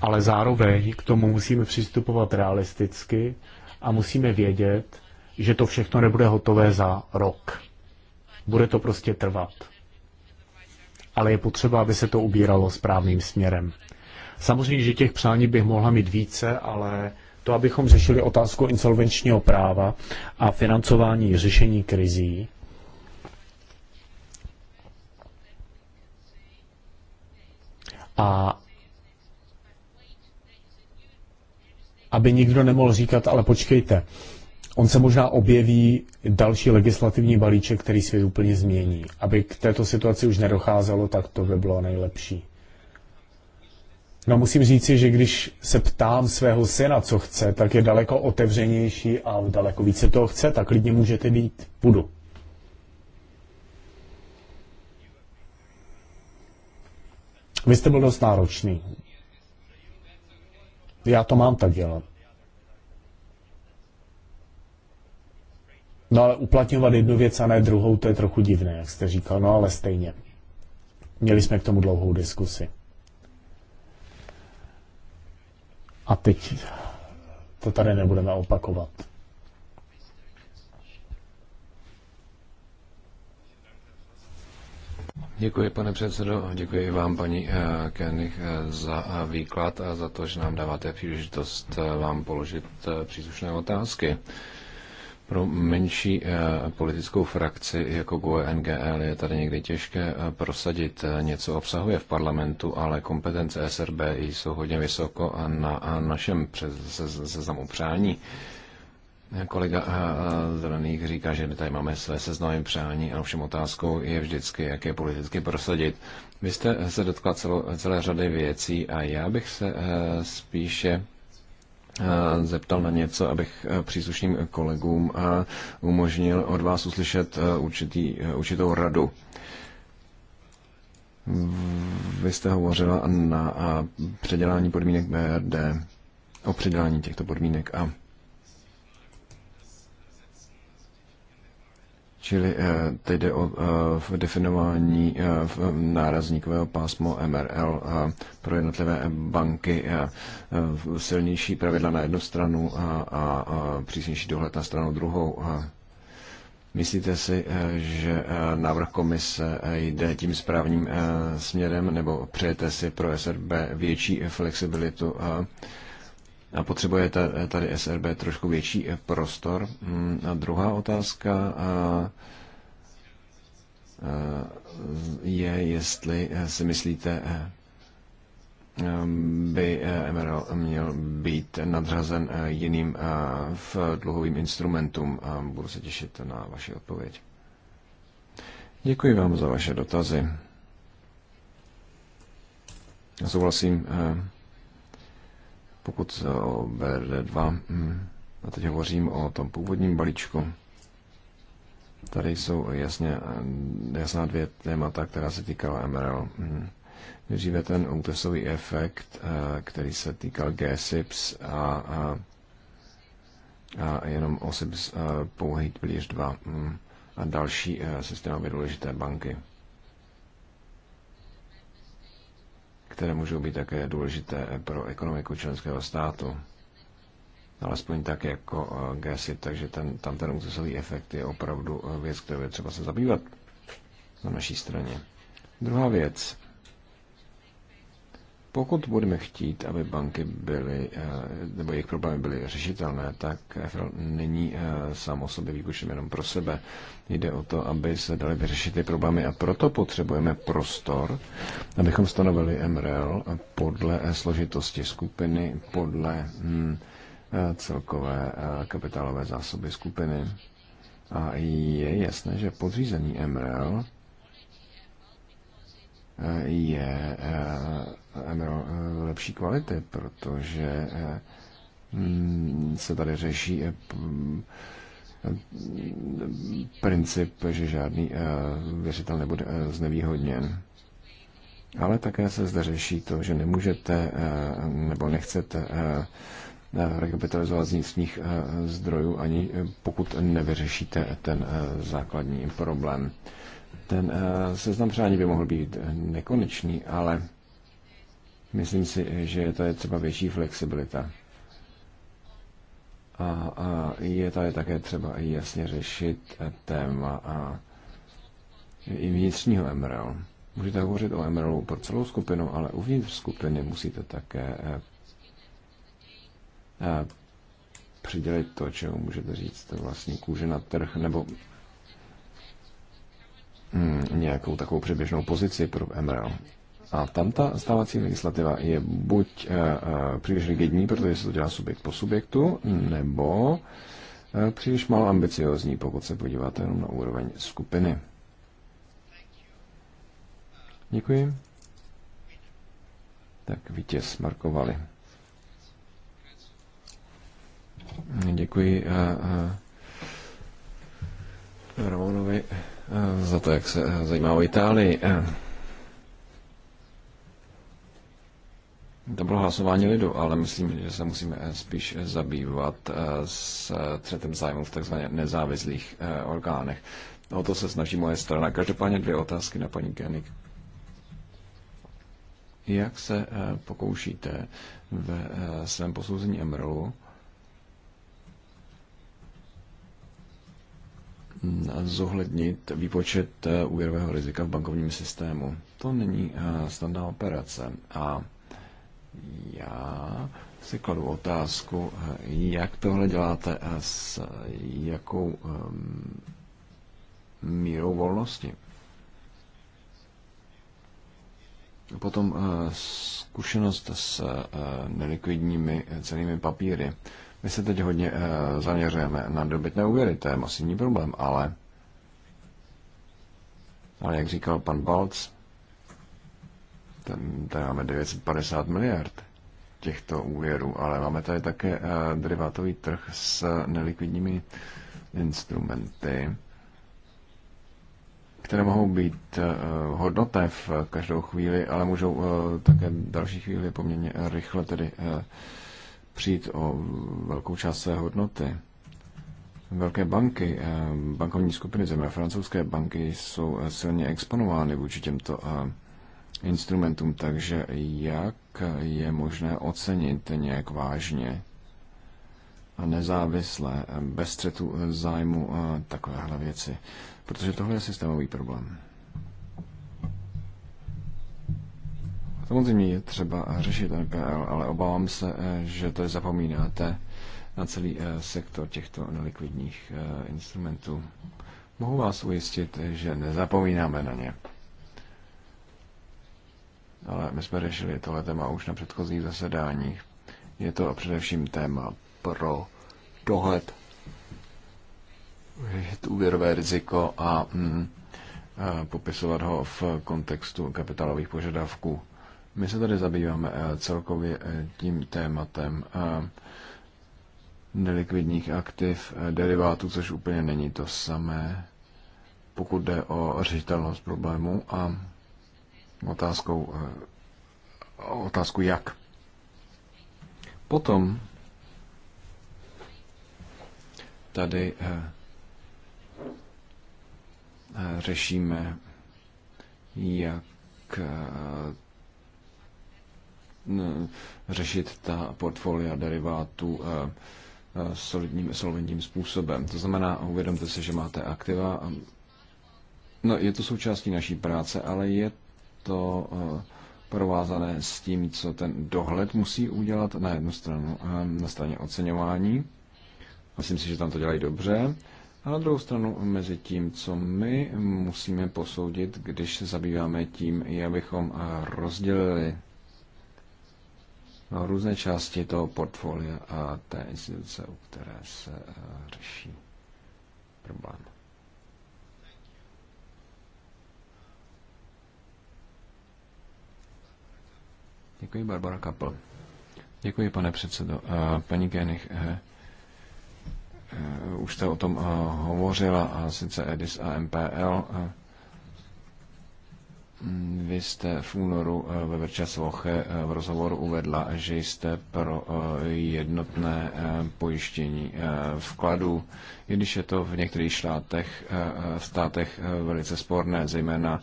ale zároveň k tomu musíme přistupovat realisticky a musíme vědět, že to všechno nebude hotové za rok. Bude to prostě trvat. Ale je potřeba, aby se to ubíralo správným směrem. Samozřejmě, že těch přání bych mohla mít více, ale to, abychom řešili otázku insolvenčního práva a financování řešení krizí, a aby nikdo nemohl říkat, ale počkejte, on se možná objeví další legislativní balíček, který svět úplně změní. Aby k této situaci už nedocházelo, tak to by bylo nejlepší. No musím říci, že když se ptám svého syna, co chce, tak je daleko otevřenější a daleko více toho chce, tak klidně můžete být, půjdu. Vy jste byl dost náročný. Já to mám tak dělat. No ale uplatňovat jednu věc a ne druhou, to je trochu divné, jak jste říkal, no ale stejně. Měli jsme k tomu dlouhou diskusi. A teď to tady nebudeme opakovat. Děkuji, pane předsedo, děkuji vám, paní eh, Kenich, eh, za eh, výklad a za to, že nám dáváte příležitost vám položit příslušné otázky. Pro menší eh, politickou frakci jako GUE NGL je tady někdy těžké eh, prosadit eh, něco obsahuje v parlamentu, ale kompetence SRB jsou hodně vysoko a na našem seznamu přání. Kolega Zelených říká, že my tady máme své seznamy přání a všem otázkou je vždycky, jak je politicky prosadit. Vy jste se dotkla celo, celé řady věcí a já bych se spíše Eh, zeptal na něco, abych eh, příslušným kolegům eh, umožnil od vás uslyšet určitý, určitou radu. Vy jste hovořila na předělání podmínek BRD, o předělání těchto podmínek a Čili eh, teď jde o eh, definování eh, nárazníkového pásmo MRL pro jednotlivé banky, silnější pravidla na jednu stranu a přísnější dohled na stranu druhou. Myslíte si, že návrh komise jde tím správným směrem, nebo přejete si pro SRB větší flexibilitu? a potřebuje tady SRB trošku větší eh, prostor. Mm, a druhá otázka je, jestli eh, si myslíte, eh, by MRL měl být nadřazen jiným v dluhovým instrumentům. Budu se těšit na vaši odpověď. Děkuji vám za vaše dotazy. Souhlasím pokud o BRD2, hm, a teď hovořím o tom původním balíčku, tady jsou jasně, jasná dvě témata, která se týkala MRL. Hm. Dříve ten útesový efekt, eh, který se týkal GSIPS a, a, a jenom OSIPS eh, pouhý pilíř 2 hm, a další eh, systémově důležité banky. které můžou být také důležité pro ekonomiku členského státu. Alespoň tak jako eh, GESI, takže ten, tam ten úzusový efekt je opravdu eh, věc, kterou je třeba se zabývat na naší straně. Druhá věc. Pokud budeme chtít, aby banky byly, eh, nebo jejich problémy byly řešitelné, tak EFL není eh, sám o sobě výkučem jenom pro sebe. Jde o to, aby se daly vyřešit ty problémy a proto potřebujeme prostor, abychom stanovili MRL podle eh, složitosti skupiny, podle hm, celkové kapitálové zásoby skupiny. A je jasné, že podřízení MRL je euro eh, eh, lepší kvality, protože eh, se tady řeší princip, že žádný věřitel nebude znevýhodněn. Ale také se zde řeší to, že nemůžete nebo nechcete rekapitalizovat z nich zdrojů, ani pokud nevyřešíte ten základní problém. Ten eh, seznam přání by mohl být eh, nekonečný, ale myslím si, že to je třeba větší flexibilita. A, a je tady také třeba jasně řešit eh, téma a i vnitřního MRL. Můžete hovořit o MRL pro celou skupinu, ale uvnitř skupiny musíte také přidělit to, čemu můžete říct vlastní kůže na trh, nebo Hmm, nějakou takovou předběžnou pozici pro MRL. A tam ta stávací legislativa je buď eh, eh, příliš rigidní, protože se to dělá subjekt po subjektu, nebo eh, příliš málo ambiciozní, pokud se podíváte jenom na úroveň skupiny. Děkuji. Tak vítěz markovali. Děkuji Ramonovi. Eh, za to, jak se eh, zajímá o Itálii. Eh. To bylo hlasování lidu, ale myslím, že se musíme spíš zabývat s třetím zájmu v takzvaně nezávislých orgánech. No, o to se snaží moje strana. Každopádně dvě otázky na paní Koenig. Jak se pokoušíte ve svém posouzení Emerlu zohlednit výpočet eh, úvěrového rizika v bankovním systému. To není eh, standardní operace. A já si kladu otázku, eh, jak tohle děláte a s jakou mírou volnosti. Potom zkušenost s nelikvidními cenými papíry. My se teď hodně eh, zaměřujeme na dobytné úvěry, to je masivní problém, ale, ale jak říkal pan Balc, tady máme 950 miliard těchto úvěrů, ale máme tady také eh, derivátový trh s nelikvidními instrumenty, které mohou být eh, hodnoté v každou chvíli, ale můžou také další chvíli poměrně rychle tedy přijít o velkou část své hodnoty. Velké banky, eh, bankovní skupiny země, francouzské banky jsou eh, silně exponovány vůči těmto eh, instrumentům, takže jak je možné ocenit nějak vážně a nezávisle, bez střetu zájmu takovéhle věci? Protože tohle je systémový problém. Samozřejmě je třeba řešit NPL, ale obávám se, eh, že je zapomínáte na celý eh, sektor těchto nelikvidních eh, instrumentů. Mohu vás ujistit, že nezapomínáme na ně. Ale my jsme řešili tohle téma už na předchozích zasedáních. Je to především téma pro dohled, úvěrové riziko a mm, popisovat ho v kontextu kapitálových požadavků. My se tady zabýváme eh, celkově eh, tím tématem eh, nelikvidních aktiv, derivátů, což úplně není to samé, pokud jde o řešitelnost problému a otázkou, otázku jak. Potom tady řešíme, jak Eh, řešit ta portfolia derivátů eh, eh, solidním, solventním způsobem. To znamená, uvědomte si, že máte aktiva. No, je to součástí naší práce, ale je to provázané s tím, co ten dohled musí udělat na jednu stranu, na straně oceňování. Myslím si, že tam to dělají dobře. A na druhou stranu mezi tím, co my musíme posoudit, když se zabýváme tím, abychom rozdělili no, různé části toho portfolia a té instituce, u které se eh, řeší problém. Děkuji, Barbara Kapl. Děkuji, pane předsedo. Eh, paní uh, už jste o tom hovořila, a sice EDIS a MPL. Uh, vy jste v únoru eh, ve Verčas eh, v rozhovoru uvedla, že jste pro eh, jednotné pojištění vkladů, i když je to v některých šlátech, státech velice sporné, zejména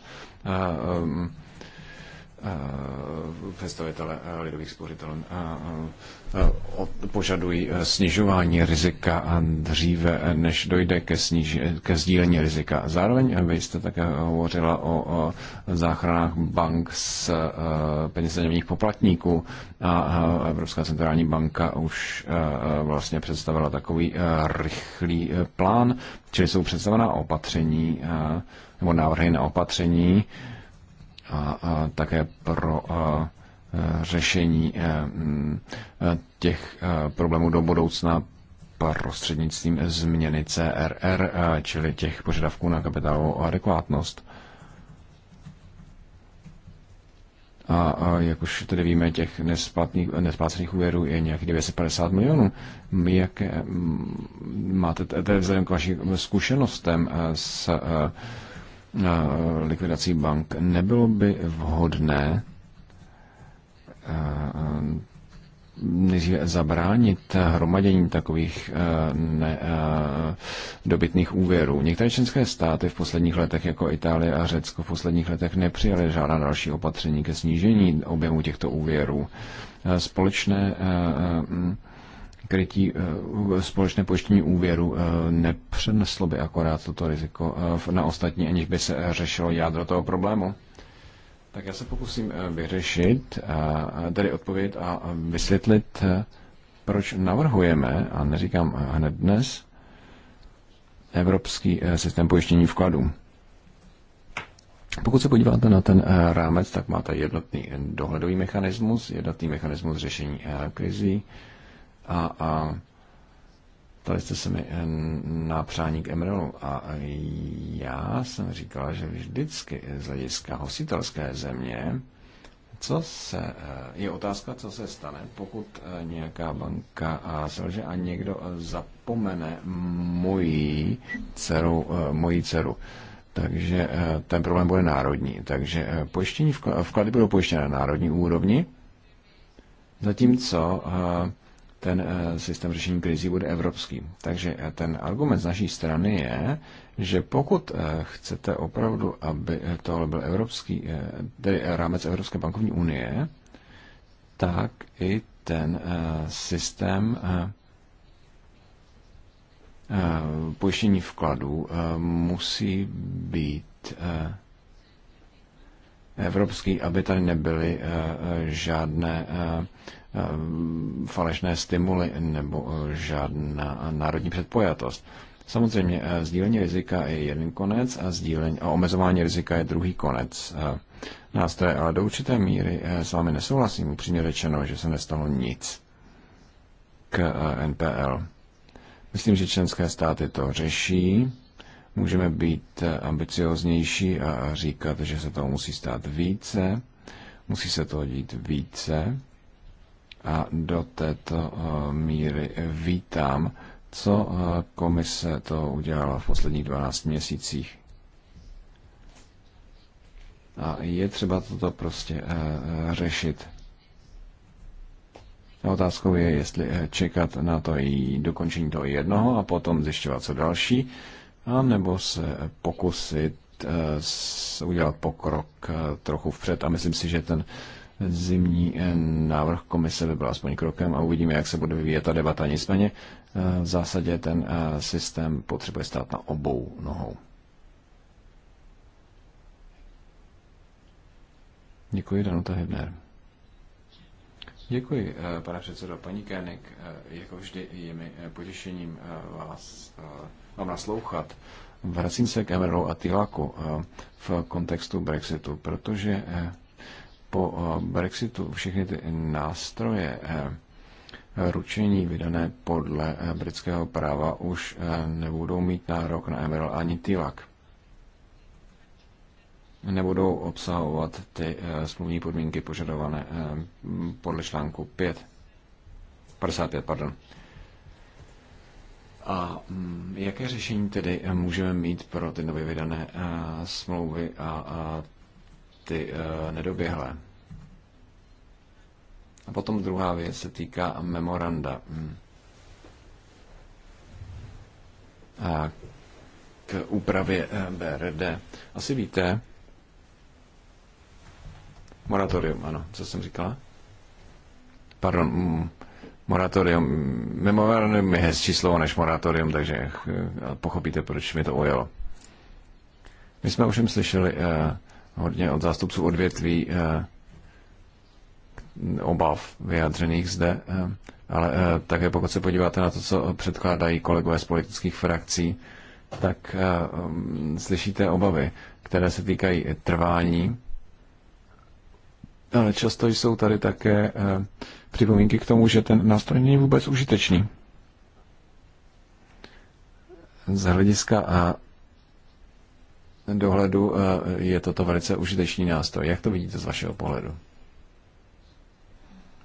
Eh, představitele eh, lidových spořitelů eh, požadují snižování rizika dříve, než dojde ke, sniž, ke sdílení rizika. Zároveň vy jste také hovořila o záchranách bank z peněz poplatníků a Evropská centrální banka už vlastně představila takový rychlý plán, čili jsou představená opatření nebo návrhy na opatření, a, a také pro a, řešení těch problémů do budoucna prostřednictvím změny CRR, čili těch požadavků na kapitálovou adekvátnost. A, a jak už tedy víme, těch nesplatných, nesplácených úvěrů je nějakých 250 milionů. Jaké máte, tedy vzhledem k vašim zkušenostem s likvidací bank, nebylo by vhodné nejdříve zabránit hromadění takových ne, dobytných úvěrů. Některé členské státy v posledních letech, jako Itálie a Řecko, v posledních letech nepřijaly žádná další opatření ke snížení objemu těchto úvěrů. Společné krytí eh, společné pojištění úvěru eh, nepřeneslo by akorát toto riziko eh, na ostatní, aniž by se řešilo jádro toho problému? Tak já se pokusím vyřešit, tedy odpovědět a vysvětlit, proč navrhujeme, a neříkám hned dnes, evropský systém pojištění vkladů. Pokud se podíváte na ten rámec, tak máte jednotný dohledový mechanismus, jednotný mechanismus řešení krizí, a, a ptali jste se mi eh, na přání k Emrelu a eh, já jsem říkal, že vždycky z hlediska hostitelské země co se, eh, je otázka, co se stane, pokud nějaká banka selže a někdo zapomene moji dceru, moji dceru. Takže ten problém bude národní. Takže pojištění, vklady budou pojištěné na národní úrovni, zatímco ten eh, systém řešení krizí bude evropský. Takže eh, ten argument z naší strany je, že pokud eh, chcete opravdu, aby tohle byl evropský, tedy rámec Evropské bankovní unie, tak i ten systém pojištění vkladů musí být evropský, aby tady nebyly žádné Eh, falešné stimuly nebo eh, žádná národní předpojatost. Samozřejmě eh, sdílení rizika je jeden konec a, sdílení, a omezování rizika je druhý konec nástroje, ale do určité míry s vámi nesouhlasím, upřímně řečeno, že se nestalo nic k NPL. Myslím, že členské státy to řeší, můžeme být ambicioznější a říkat, že se toho musí stát více, musí se toho dít více, a do této eh, míry vítám, co eh, komise to udělala v posledních 12 měsících. A je třeba toto prostě eh, řešit. A otázkou je, jestli čekat na to i dokončení toho jednoho a potom zjišťovat co další, a nebo se pokusit udělat pokrok trochu vpřed. A myslím si, že ten zimní eh, návrh komise by byl aspoň krokem a uvidíme, jak se bude vyvíjet ta debata. Nicméně eh, v zásadě ten eh, systém potřebuje stát na obou nohou. Děkuji, Danuta Hebner. Děkuji, pane předsedo. Paní Kénik, jako vždy je mi potěšením vás, vám naslouchat. Vracím se k Emerlu a Tilaku v kontextu Brexitu, protože po eh, Brexitu všechny ty nástroje eh, ručení vydané podle eh, britského práva už nebudou mít nárok na Emerald ani Tilak. Nebudou obsahovat ty smluvní podmínky požadované podle článku 5. 55, pardon. A mm, jaké řešení tedy můžeme mít pro ty nově vydané smlouvy a ty eh, nedoběhlé. A potom druhá věc se týká memoranda. Hmm. A k úpravě eh, BRD. Asi víte, moratorium, ano, co jsem říkala? Pardon, mm, moratorium, memorandum je hezčí slovo než moratorium, takže eh, pochopíte, proč mi to ujelo. My jsme už jim slyšeli hodně od zástupců odvětví eh, obav vyjádřených zde, eh, ale eh, také pokud se podíváte na to, co předkládají kolegové z politických frakcí, tak mm, slyšíte obavy, které se týkají trvání, ale často jsou tady také připomínky k tomu, že ten nástroj není vůbec užitečný. Z hlediska dohledu eh, je toto velice užitečný nástroj. Jak to vidíte z vašeho pohledu?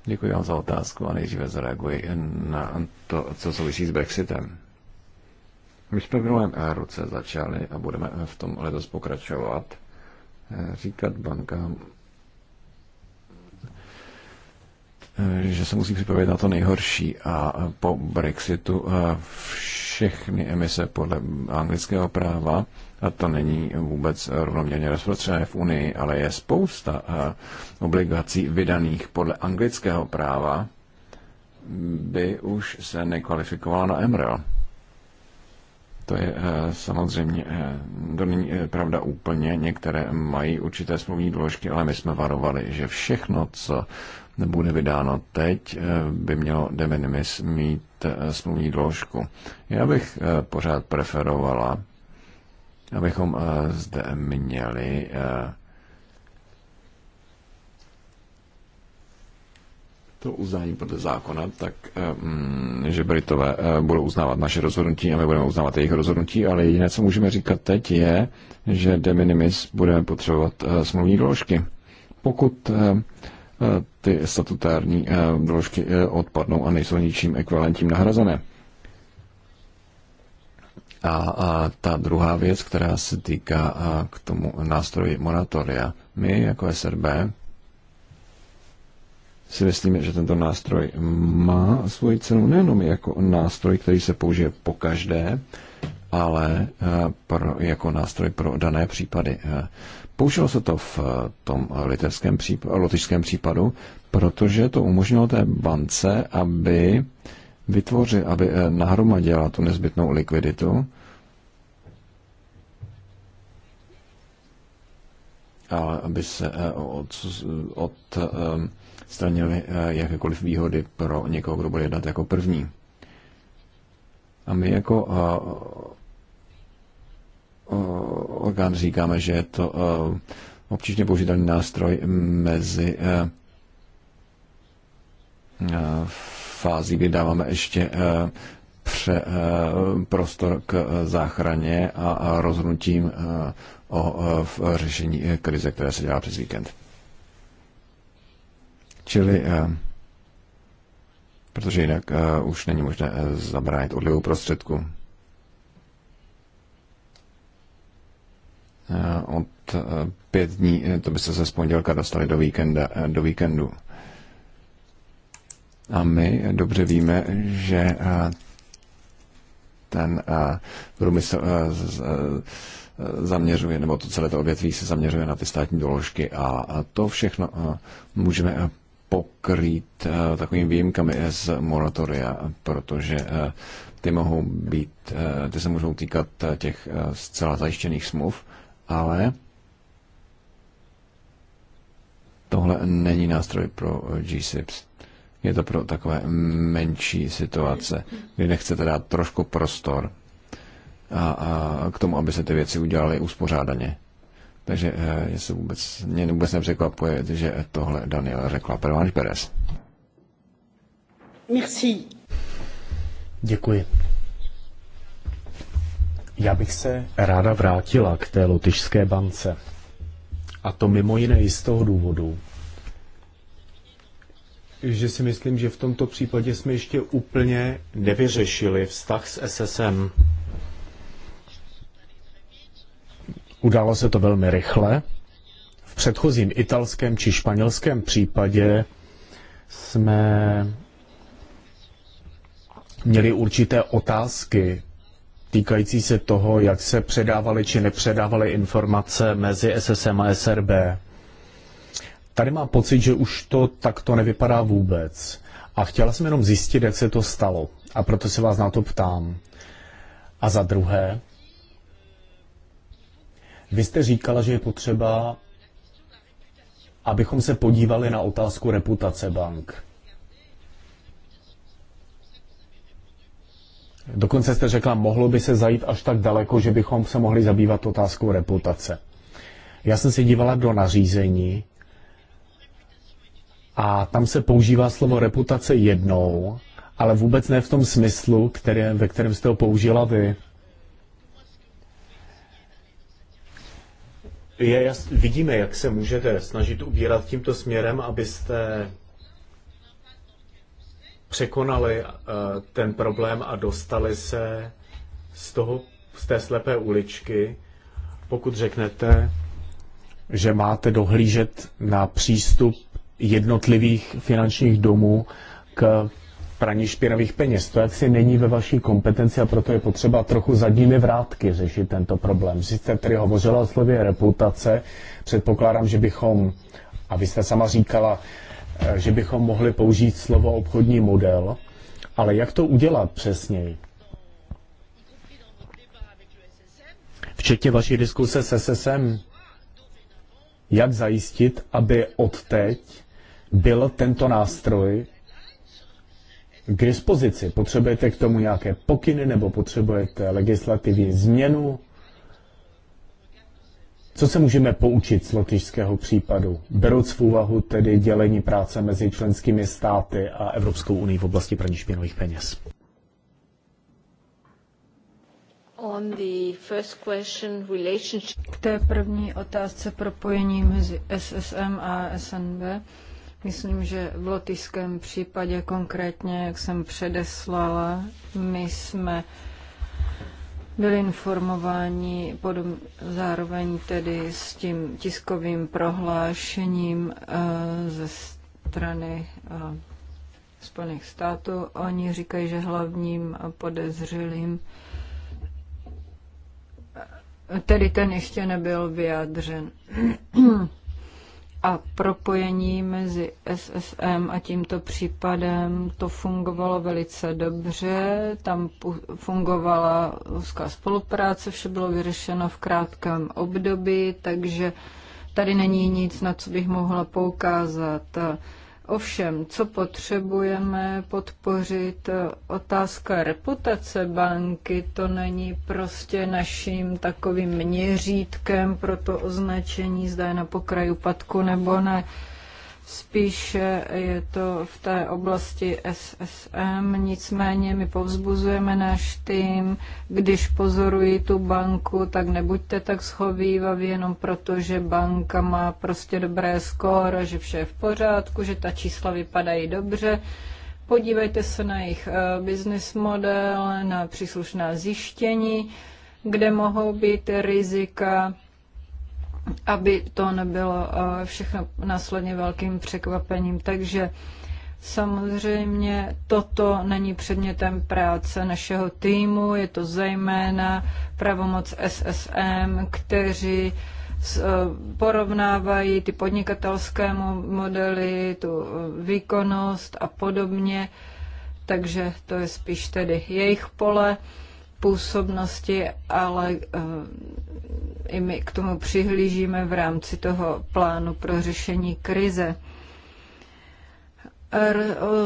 Děkuji vám za otázku a nejdříve zareaguji na to, co souvisí s Brexitem. My jsme v minulém roce začali a budeme v tom letos pokračovat. Eh, říkat bankám, eh, že se musí připravit na to nejhorší a po Brexitu všechny emise podle anglického práva to není vůbec rovnoměrně rozprostřené v Unii, ale je spousta eh, obligací vydaných podle anglického práva, by už se nekvalifikovala na MREL. To je eh, samozřejmě, eh, to není pravda úplně, některé mají určité smluvní důležky, ale my jsme varovali, že všechno, co bude vydáno teď, by mělo de minimis mít smluvní důležku. Já bych pořád preferovala abychom eh, zde měli eh, to uznání podle zákona, tak eh, mm, že Britové budou uznávat naše rozhodnutí a my budeme uznávat jejich rozhodnutí, ale jediné, co můžeme říkat teď, je, že de minimis budeme potřebovat smluvní doložky. Pokud ty statutární doložky odpadnou a nejsou ničím ekvivalentním nahrazené. A, a ta druhá věc, která se týká a, k tomu nástroji moratoria. My jako SRB si myslíme, že tento nástroj má svoji cenu nejenom jako nástroj, který se použije po každé, ale pro, jako nástroj pro dané případy. Použilo se to v tom litevském případu, případu, protože to umožnilo té bance, aby vytvořit, aby eh, nahromadila tu nezbytnou likviditu, ale aby se eh, od, od eh, jakékoliv výhody pro někoho, kdo bude jednat jako první. A my jako orgán říkáme, že je to obtížně použitelný nástroj mezi fází, kdy dáváme ještě eh, pře, eh, prostor k eh, záchraně a rozhodnutím o řešení krize, které se dělá přes víkend. Čili, protože jinak už není možné zabránit odlivu prostředku Od pět dní, to byste se ze pondělka dostali do, víkenda, do víkendu. A my dobře víme, že eh, ten eh, průmysl eh, zaměřuje, nebo to celé to odvětví se zaměřuje na ty státní doložky a to všechno můžeme pokrýt takovými výjimkami z moratoria, protože ty mohou být, ty se můžou týkat těch zcela zajištěných smluv, ale tohle není nástroj pro GSIPS. Je to pro takové menší situace, kdy nechcete dát trošku prostor a, a k tomu, aby se ty věci udělaly uspořádaně. Takže eh, se vůbec, mě vůbec nepřekvapuje, že tohle Daniel řekla Pervanš Perez. Merci. Děkuji. Já bych se ráda vrátila k té lotyšské bance. A to mimo jiné i z toho důvodu, že si myslím, že v tomto případě jsme ještě úplně nevyřešili vztah s SSM. Událo se to velmi rychle. V předchozím italském či španělském případě jsme měli určité otázky týkající se toho, jak se předávaly či nepředávaly informace mezi SSM a SRB. Tady mám pocit, že už to takto nevypadá vůbec. A chtěla jsem jenom zjistit, jak se to stalo. A proto se vás na to ptám. A za druhé, vy jste říkala, že je potřeba, abychom se podívali na otázku reputace bank. Dokonce jste řekla, mohlo by se zajít až tak daleko, že bychom se mohli zabývat otázkou reputace. Já jsem se dívala do nařízení a tam se používá slovo reputace jednou, ale vůbec ne v tom smyslu, které, ve kterém jste ho použila vy. Je jas, vidíme, jak se můžete snažit ubírat tímto směrem, abyste překonali uh, ten problém a dostali se z, toho, z té slepé uličky, pokud řeknete, že máte dohlížet na přístup jednotlivých finančních domů k praní špinavých peněz. To jaksi není ve vaší kompetenci a proto je potřeba trochu zadními vrátky řešit tento problém. jste tedy hovořila o slově reputace, předpokládám, že bychom, a vy jste sama říkala, eh, že bychom mohli použít slovo obchodní model, ale jak to udělat přesněji? Včetně vaší diskuse s SSM. Jak zajistit, aby odteď byl tento nástroj k dispozici. Potřebujete k tomu nějaké pokyny nebo potřebujete legislativní změnu? Co se můžeme poučit z lotyšského případu, beruc v úvahu tedy dělení práce mezi členskými státy a Evropskou unii v oblasti praní špinových peněz? K té první otázce propojení mezi SSM a SNB. Myslím, že v lotyšském případě konkrétně, jak jsem předeslala, my jsme byli informováni podob, zároveň tedy s tím tiskovým prohlášením eh, ze strany eh, Spojených států. Oni říkají, že hlavním podezřelým eh, tedy ten ještě nebyl vyjádřen. a propojení mezi SSM a tímto případem to fungovalo velice dobře. Tam fungovala úzká spolupráce, vše bylo vyřešeno v krátkém období, takže tady není nic, na co bych mohla poukázat. Ovšem, co potřebujeme podpořit, otázka reputace banky, to není prostě naším takovým měřítkem pro to označení, zda je na pokraji padku nebo ne. Spíše je to v té oblasti SSM, nicméně my povzbuzujeme náš tým, když pozorují tu banku, tak nebuďte tak schovývaví jenom proto, že banka má prostě dobré skóre, že vše je v pořádku, že ta čísla vypadají dobře. Podívejte se na jejich eh, business model, na příslušná zjištění, kde mohou být rizika, aby to nebylo eh, všechno následně velkým překvapením. Takže Samozřejmě toto není předmětem práce našeho týmu, je to zejména pravomoc SSM, kteří eh, porovnávají ty podnikatelské modely, tu eh, výkonnost a podobně, takže to je spíš tedy jejich pole působnosti, ale eh, i my k tomu přihlížíme v rámci toho plánu pro řešení krize.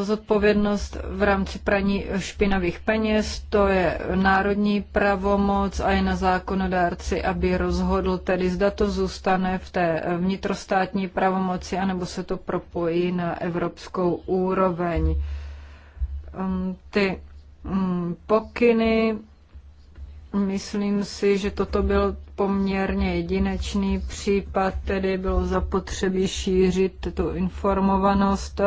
Zodpovědnost v rámci praní špinavých peněz, to je národní pravomoc a je na zákonodárci, aby rozhodl tedy, zda to zůstane v té vnitrostátní pravomoci, anebo se to propojí na evropskou úroveň. Ehm, ty mm, pokyny Myslím si, že toto byl poměrně jedinečný případ, tedy bylo zapotřebí šířit tu informovanost.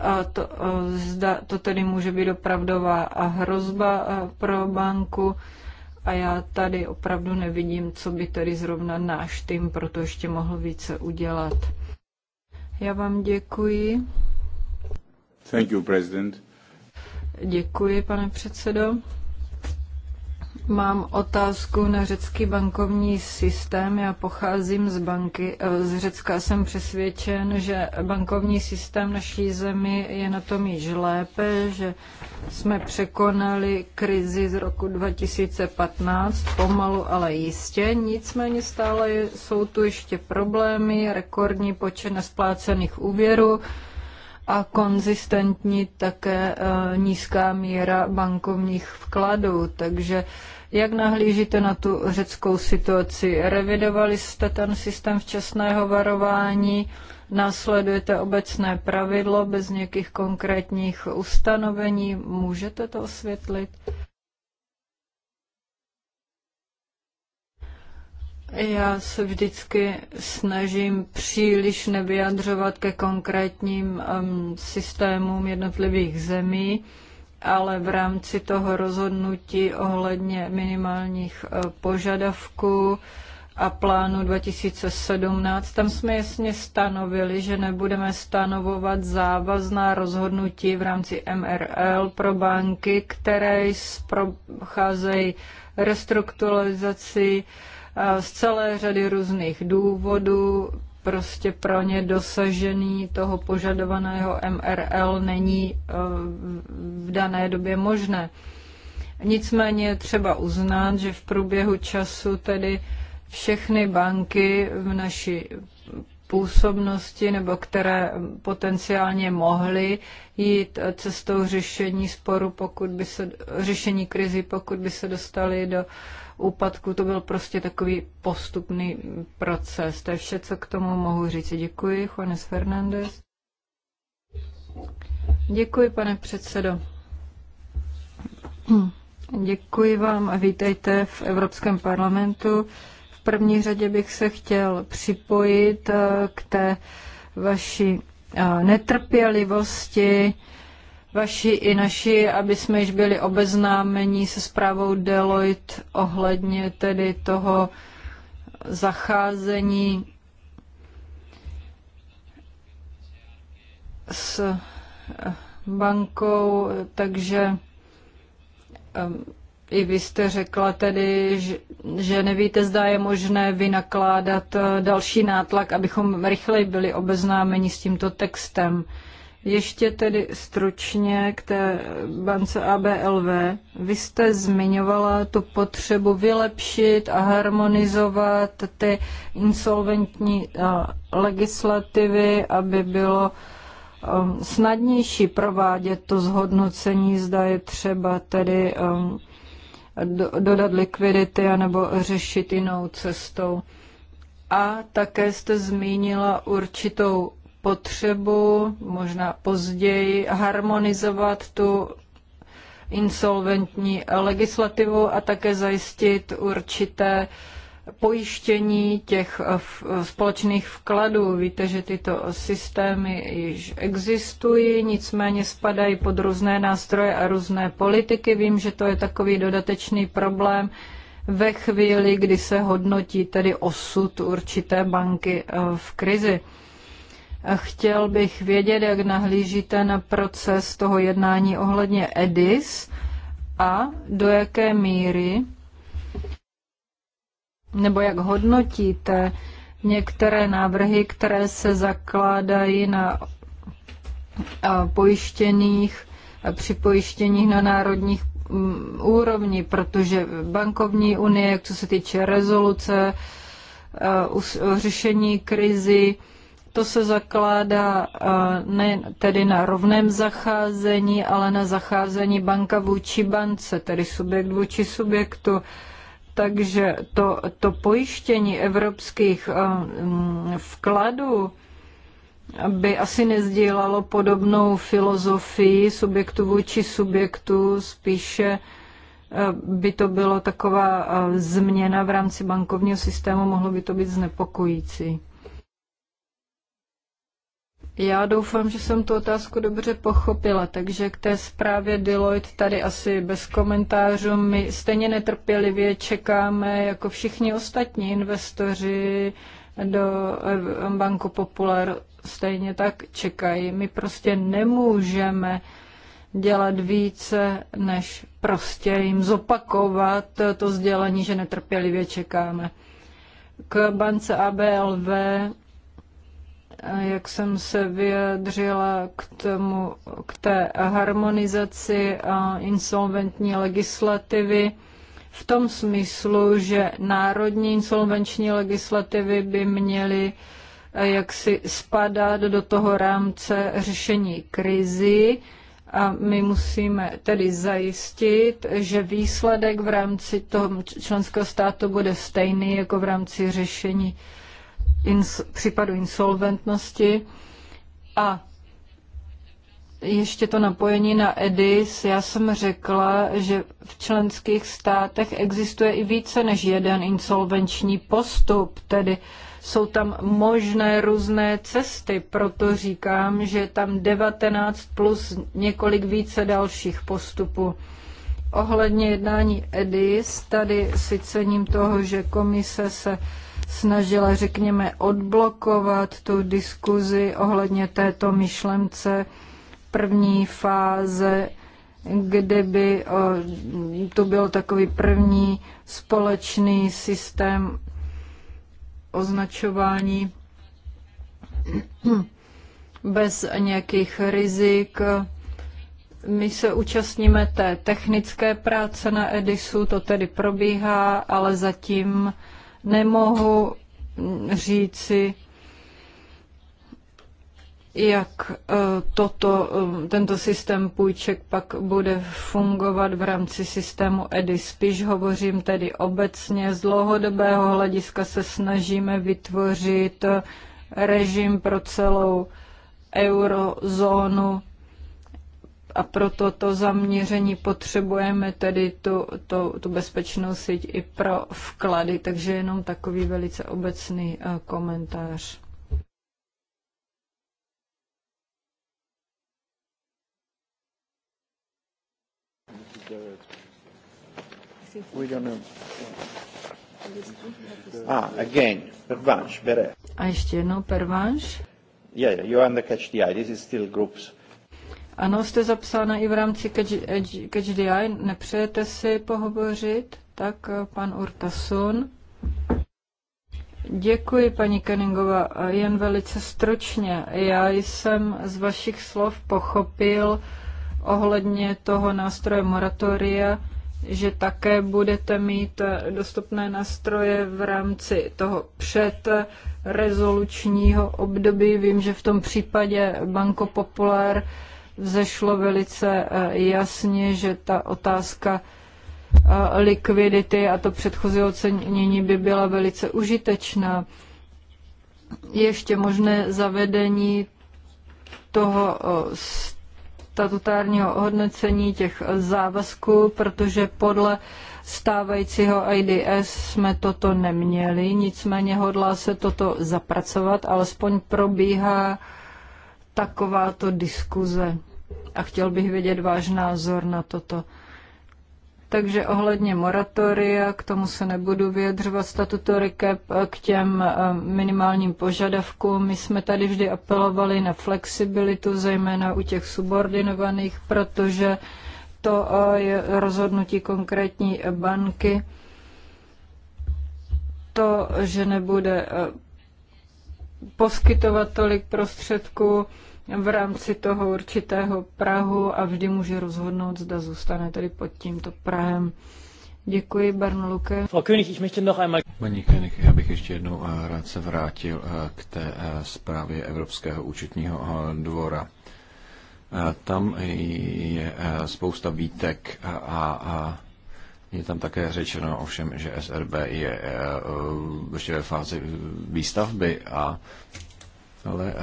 A to, zda, to tedy může být opravdová hrozba pro banku. A já tady opravdu nevidím, co by tady zrovna náš tým to ještě mohl více udělat. Já vám děkuji. Thank you, president. Děkuji, pane předsedo. Mám otázku na řecký bankovní systém. Já pocházím z banky. Eh, z Řecka jsem přesvědčen, že bankovní systém naší zemi je na tom již lépe, že jsme překonali krizi z roku 2015, pomalu, ale jistě. Nicméně stále jsou tu ještě problémy, rekordní počet nesplácených úvěrů a konzistentní také eh, nízká míra bankovních vkladů. Takže jak nahlížíte na tu řeckou situaci? Revidovali jste ten systém včasného varování? Následujete obecné pravidlo bez nějakých konkrétních ustanovení? Můžete to osvětlit? Já se vždycky snažím příliš nevyjadřovat ke konkrétním um, systémům jednotlivých zemí ale v rámci toho rozhodnutí ohledně minimálních e, požadavků a plánu 2017, tam jsme jasně stanovili, že nebudeme stanovovat závazná rozhodnutí v rámci MRL pro banky, které procházejí restrukturalizaci e, z celé řady různých důvodů, prostě pro ně dosažený toho požadovaného MRL není eh, v dané době možné. Nicméně je třeba uznat, že v průběhu času tedy všechny banky v naší působnosti nebo které potenciálně mohly jít cestou řešení sporu, pokud by se, řešení krizi, pokud by se dostali do úpadku. To byl prostě takový postupný proces. To je vše, co k tomu mohu říct. Děkuji, Juanes Fernández. Děkuji, pane předsedo. Děkuji vám a vítejte v Evropském parlamentu. V první řadě bych se chtěl připojit eh, k té vaší eh, netrpělivosti vaši i naši, aby jsme již byli obeznámeni se zprávou Deloitte ohledně tedy toho zacházení s eh, bankou, takže ehm, i vy jste řekla tedy, že nevíte, zda je možné vynakládat eh, další nátlak, abychom rychleji byli obeznámeni s tímto textem. Ještě tedy stručně k té bance ABLV. Vy jste zmiňovala tu potřebu vylepšit a harmonizovat ty insolventní legislativy, aby bylo um, snadnější provádět to zhodnocení, zda je třeba tedy um, dodat likvidity anebo řešit jinou cestou. A také jste zmínila určitou potřebu možná později harmonizovat tu insolventní legislativu a také zajistit určité pojištění těch společných vkladů. Víte, že tyto systémy již existují, nicméně spadají pod různé nástroje a různé politiky. Vím, že to je takový dodatečný problém ve chvíli, kdy se hodnotí tedy osud určité banky eh, v krizi. Chtěl bych vědět, jak nahlížíte na proces toho jednání ohledně EDIS a do jaké míry nebo jak hodnotíte některé návrhy, které se zakládají na pojištěných, při pojištěních na národních mm, úrovni, protože bankovní unie, co se týče rezoluce, řešení krizi, to se zakládá eh, ne tedy na rovném zacházení, ale na zacházení banka vůči bance, tedy subjekt vůči subjektu. Takže to, to pojištění evropských eh, mm, vkladů by asi nezdílalo podobnou filozofii subjektu vůči subjektu, spíše eh, by to bylo taková změna v rámci bankovního systému, mohlo by to být znepokojící. Já doufám, že jsem tu otázku dobře pochopila, takže k té zprávě Deloitte tady asi bez komentářů. My stejně netrpělivě čekáme, jako všichni ostatní investoři do Banku Popular stejně tak čekají. My prostě nemůžeme dělat více, než prostě jim zopakovat to sdělení, že netrpělivě čekáme. K bance ABLV jak jsem se vyjadřila k, tomu, k té harmonizaci insolventní legislativy, v tom smyslu, že národní insolvenční legislativy by měly eh, jaksi spadat do toho rámce řešení krizi a my musíme tedy zajistit, že výsledek v rámci toho členského státu bude stejný jako v rámci řešení uh, ins, případu insolventnosti a ještě to napojení na EDIS. Já jsem řekla, že v členských státech existuje i více než jeden insolvenční postup, tedy jsou tam možné různé cesty, proto říkám, že tam 19 plus několik více dalších postupů. Ohledně jednání EDIS, tady si cením toho, že komise se snažila, řekněme, odblokovat tu diskuzi ohledně této myšlence první fáze, kdyby to byl takový první společný systém označování bez nějakých rizik. My se účastníme té technické práce na Edisu, to tedy probíhá, ale zatím nemohu říci, jak e, toto, e, tento systém půjček pak bude fungovat v rámci systému EDI. Spíš hovořím tedy obecně. Z dlouhodobého hlediska se snažíme vytvořit režim pro celou eurozónu a proto to zaměření potřebujeme tedy tu, tu, tu bezpečnou síť i pro vklady, takže jenom takový velice obecný eh, komentář. We Ah, again, Pervanche, bere. A ještě jednou pervanš. Yeah, you under catch the eye. This is still groups. Ano, jste zapsána i v rámci CatchDI. Nepřejete si pohovořit? Tak eh, pan Urtasun. Děkuji, paní Keningova. Jen velice stročně. Já jsem z vašich slov pochopil ohledně toho nástroje moratoria, že také budete mít eh, dostupné nástroje v rámci toho eh, rezolučního období. Vím, že v tom případě Banko uh, vzešlo velice eh, jasně, že ta otázka eh, likvidity a to předchozí ocenění by byla velice užitečná. Ještě možné zavedení toho eh, statutárního hodnocení těch závazků, protože podle stávajícího IDS jsme toto neměli, nicméně hodlá se toto zapracovat, alespoň probíhá takováto diskuze a chtěl bych vědět váš názor na toto. Takže ohledně moratoria, k tomu se nebudu vyjadřovat statutory k těm eh, minimálním požadavkům. My jsme tady vždy apelovali na flexibilitu, zejména u těch subordinovaných, protože to eh, je rozhodnutí konkrétní banky. To, že nebude eh, poskytovat tolik prostředků, v rámci toho určitého Prahu a vždy může rozhodnout, zda zůstane tedy pod tímto Prahem. Děkuji, Bernoluke. Frau König, ich möchte noch einmal... Paní König, já bych ještě jednou eh, rád se vrátil eh, k té eh, zprávě Evropského účetního dvora. Tam je spousta výtek a je tam také řečeno ovšem, že SRB je ještě ve fázi výstavby, a, ale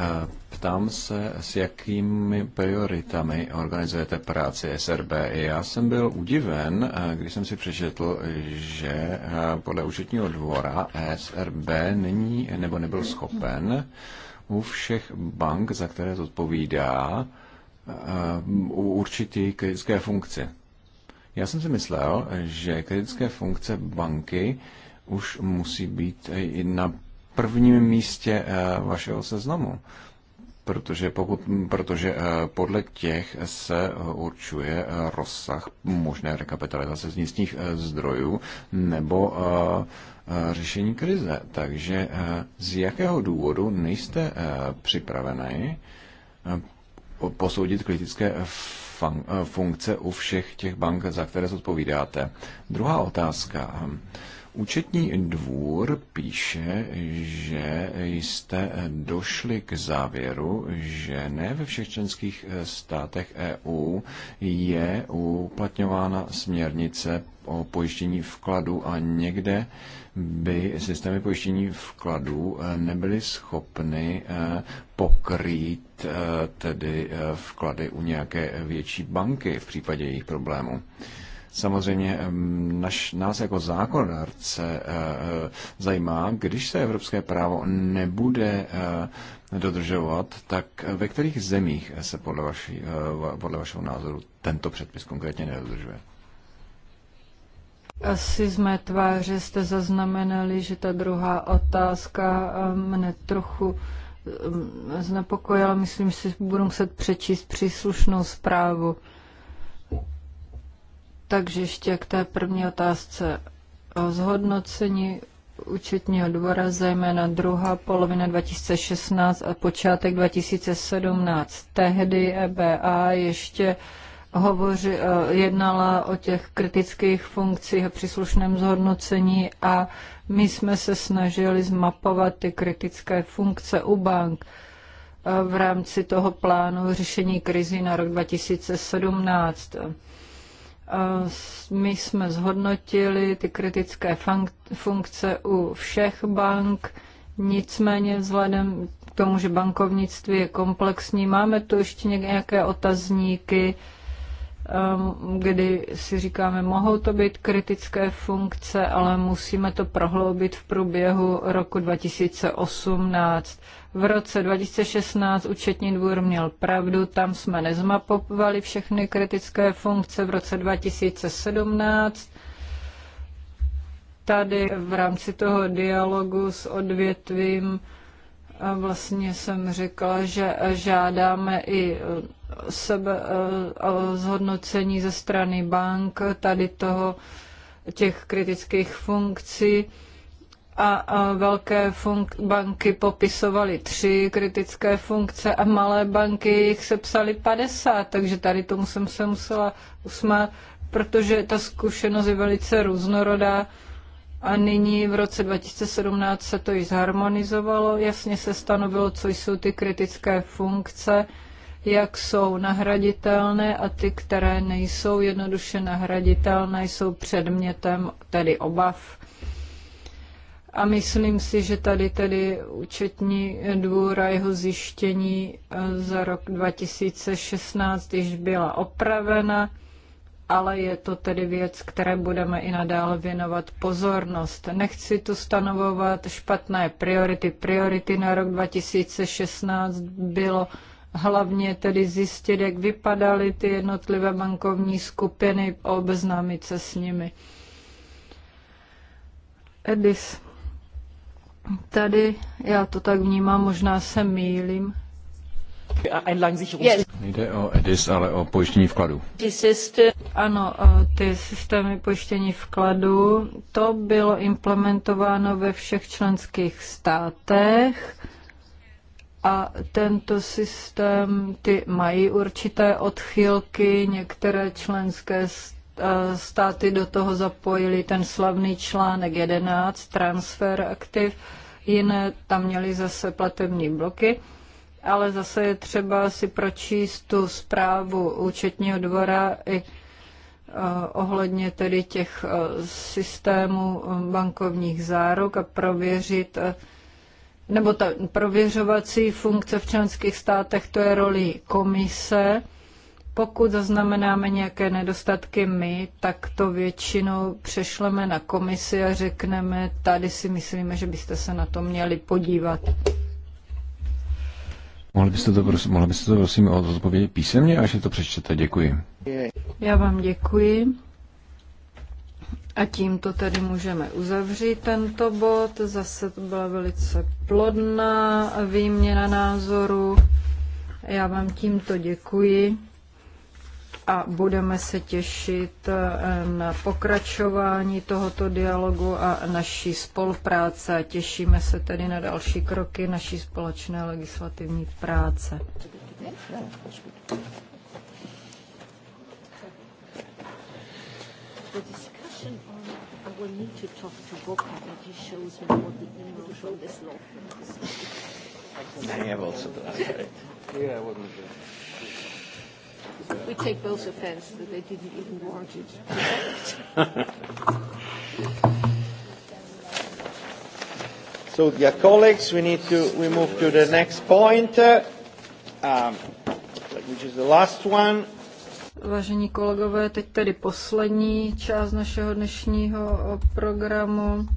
Ptám se, s jakými prioritami organizujete práci SRB. Já jsem byl udiven, eh, když jsem si přečetl, že eh, podle účetního dvora SRB není nebo nebyl schopen u všech bank, za které zodpovídá, eh, u určitý kritické funkce. Já jsem si myslel, že kritické funkce banky už musí být i na prvním místě vašeho seznamu. Protože, pokud, protože eh, podle těch se eh, určuje eh, rozsah možné rekapitalizace z místních zdrojů nebo řešení krize. Takže z jakého důvodu nejste připraveni posoudit kritické funkce u všech těch bank, za které zodpovídáte? Druhá otázka. Účetní dvůr píše, že jste došli k závěru, že ne ve všech členských eh, státech EU je uplatňována směrnice o pojištění vkladu a někde by systémy pojištění vkladů eh, nebyly schopny eh, pokrýt tedy vklady u nějaké větší banky v případě jejich problémů. Samozřejmě naš, nás jako zákonodárce eh, eh, zajímá, když se evropské právo nebude eh, dodržovat, tak ve kterých zemích se podle, vaši, podle vašeho názoru tento předpis konkrétně nedodržuje? Asi z mé tváře jste zaznamenali, že ta druhá otázka mne trochu znepokojila. Myslím, že si budu muset přečíst příslušnou zprávu. Takže ještě k té první otázce o zhodnocení účetního dvora, zejména druhá polovina 2016 a počátek 2017. Tehdy EBA ještě hovoři, eh, jednala o těch kritických funkcích a příslušném zhodnocení a my jsme se snažili zmapovat ty kritické funkce u bank eh, v rámci toho plánu řešení krizi na rok 2017. My jsme zhodnotili ty kritické funkce u všech bank, nicméně vzhledem k tomu, že bankovnictví je komplexní, máme tu ještě nějaké otazníky, Ehm, kdy si říkáme, mohou to být kritické funkce, ale musíme to prohloubit v průběhu roku 2018. V roce 2016 účetní dvůr měl pravdu, tam jsme nezmapovali všechny kritické funkce. V roce 2017 tady v rámci toho dialogu s odvětvím eh, vlastně jsem řekla, že žádáme i eh, sebe eh, zhodnocení ze strany bank tady toho těch kritických funkcí a velké funk- banky popisovaly tři kritické funkce a malé banky jich sepsaly 50, takže tady tomu jsem se musela usmát, protože ta zkušenost je velice různorodá a nyní v roce 2017 se to již zharmonizovalo, jasně se stanovilo, co jsou ty kritické funkce jak jsou nahraditelné a ty, které nejsou jednoduše nahraditelné, jsou předmětem tedy obav. A myslím si, že tady tedy účetní dvůr a jeho zjištění eh, za rok 2016 již byla opravena, ale je to tedy věc, které budeme i nadále věnovat pozornost. Nechci tu stanovovat špatné priority. Priority na rok 2016 bylo hlavně tedy zjistit, jak vypadaly ty jednotlivé bankovní skupiny, obeznámit se s nimi. Edis. Tady já to tak vnímám, možná se mýlím. Yes. Nejde o EDIS, ale o pojištění vkladu. Ano, ty systémy pojištění vkladu, to bylo implementováno ve všech členských státech a tento systém, ty mají určité odchylky, některé členské e, státy do toho zapojili ten slavný článek 11, transfer aktiv, jiné tam měly zase platební bloky, ale zase je třeba si pročíst tu zprávu účetního dvora i e, ohledně tedy těch e, systémů bankovních záruk a prověřit, nebo ta prověřovací funkce v členských státech, to je roli komise. Pokud zaznamenáme nějaké nedostatky my, tak to většinou přešleme na komisi a řekneme, tady si myslíme, že byste se na to měli podívat. Mohli byste to, prosím, mohli byste to prosím odpovědět písemně, až je to přečtete. Děkuji. Já vám děkuji. A tímto tedy můžeme uzavřít tento bod. Zase to byla velice plodná výměna názoru. Já vám tímto děkuji a budeme se těšit eh, na pokračování tohoto dialogu a naší spolupráce. Těšíme se tedy na další kroky naší společné legislativní práce. Thank you will need to talk to Goka and he shows me what the email from this law is. I have also that. Yeah, I wasn't sure. We take both offense that they didn't even warrant it. so, dear colleagues, we need to we move to the next point, uh, um, which is the last one Vážení kolegové, teď tedy poslední část našeho dnešního programu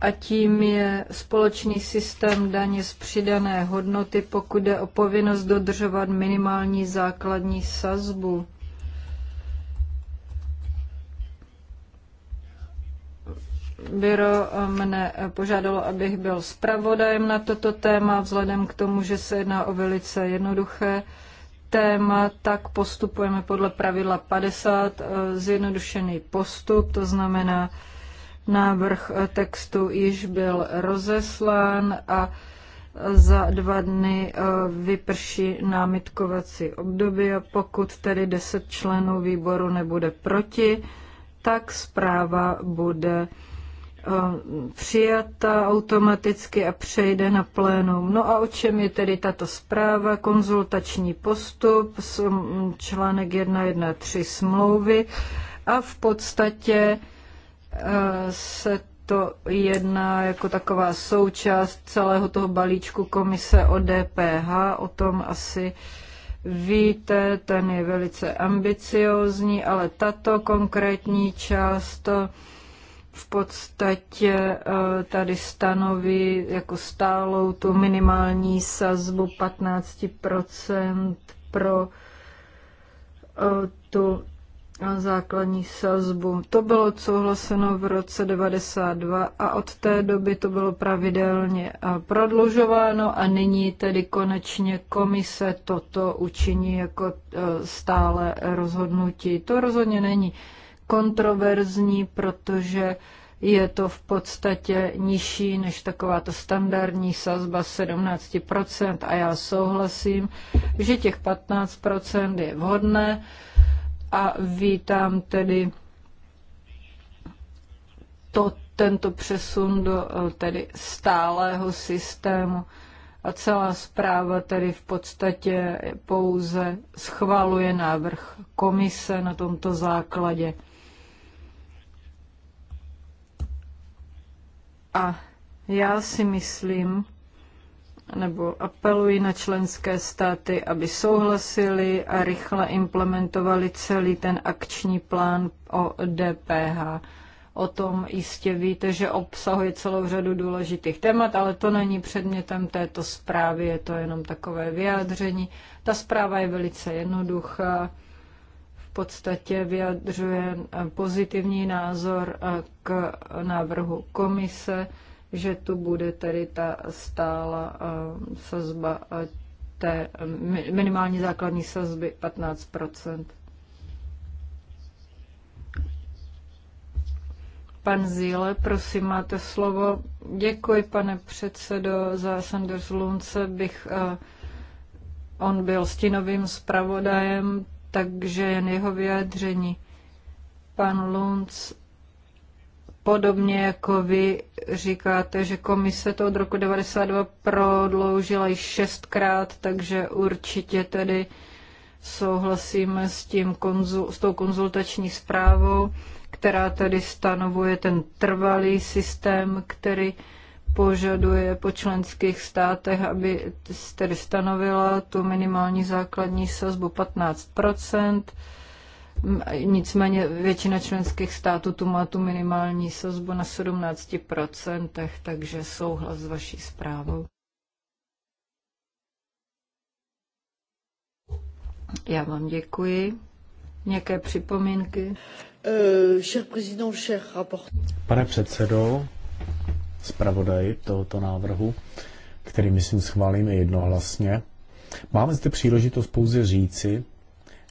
a tím je společný systém daně z přidané hodnoty, pokud jde o povinnost dodržovat minimální základní sazbu. Byro mne požádalo, abych byl zpravodajem na toto téma, vzhledem k tomu, že se jedná o velice jednoduché téma, tak postupujeme podle pravidla 50 eh, zjednodušený postup, to znamená, návrh eh, textu již byl rozeslán a eh, za dva dny vyprší námitkovací období a pokud tedy 10 členů výboru nebude proti, tak zpráva bude Eh, přijata automaticky a přejde na plénum. No a o čem je tedy tato zpráva? Konzultační postup, mm, článek 1.1.3 smlouvy a v podstatě eh, se to jedná jako taková součást celého toho balíčku komise o DPH, o tom asi víte, ten je velice ambiciózní, ale tato konkrétní část to v podstatě eh, tady stanoví jako stálou tu minimální sazbu 15% pro eh, tu eh, základní sazbu. To bylo souhlaseno v roce 92 a od té doby to bylo pravidelně prodlužováno a nyní tedy konečně komise toto učiní jako stále rozhodnutí. To rozhodně není kontroverzní, protože je to v podstatě nižší než takováto standardní sazba 17% a já souhlasím, že těch 15% je vhodné a vítám tedy to, tento přesun do e, tedy stálého systému a celá zpráva tedy v podstatě pouze schvaluje návrh komise na tomto základě. A já si myslím, nebo apeluji na členské státy, aby souhlasili a rychle implementovali celý ten akční plán o DPH. O tom jistě víte, že obsahuje celou řadu důležitých témat, ale to není předmětem této zprávy, je to jenom takové vyjádření. Ta zpráva je velice jednoduchá podstatě vyjadřuje pozitivní názor k návrhu komise, že tu bude tedy ta stála eh, sazba eh, té minimální základní sazby 15 Pan Zíle, prosím, máte slovo. Děkuji, pane předsedo, za Sanders Lunce bych eh, On byl stinovým zpravodajem takže jen jeho vyjádření. Pan Lunds, podobně jako vy říkáte, že komise to od roku 92 prodloužila i šestkrát, takže určitě tedy souhlasíme s, tím konzul, s tou konzultační zprávou, která tedy stanovuje ten trvalý systém, který požaduje po členských státech, aby tedy stanovila tu minimální základní sazbu 15 Nicméně většina členských států tu má tu minimální sazbu na 17 takže souhlas s vaší zprávou. Já vám děkuji. Nějaké připomínky? Eh, Pane předsedo, zpravodaji tohoto návrhu, který myslím schválíme jednohlasně. Máme zde příležitost pouze říci,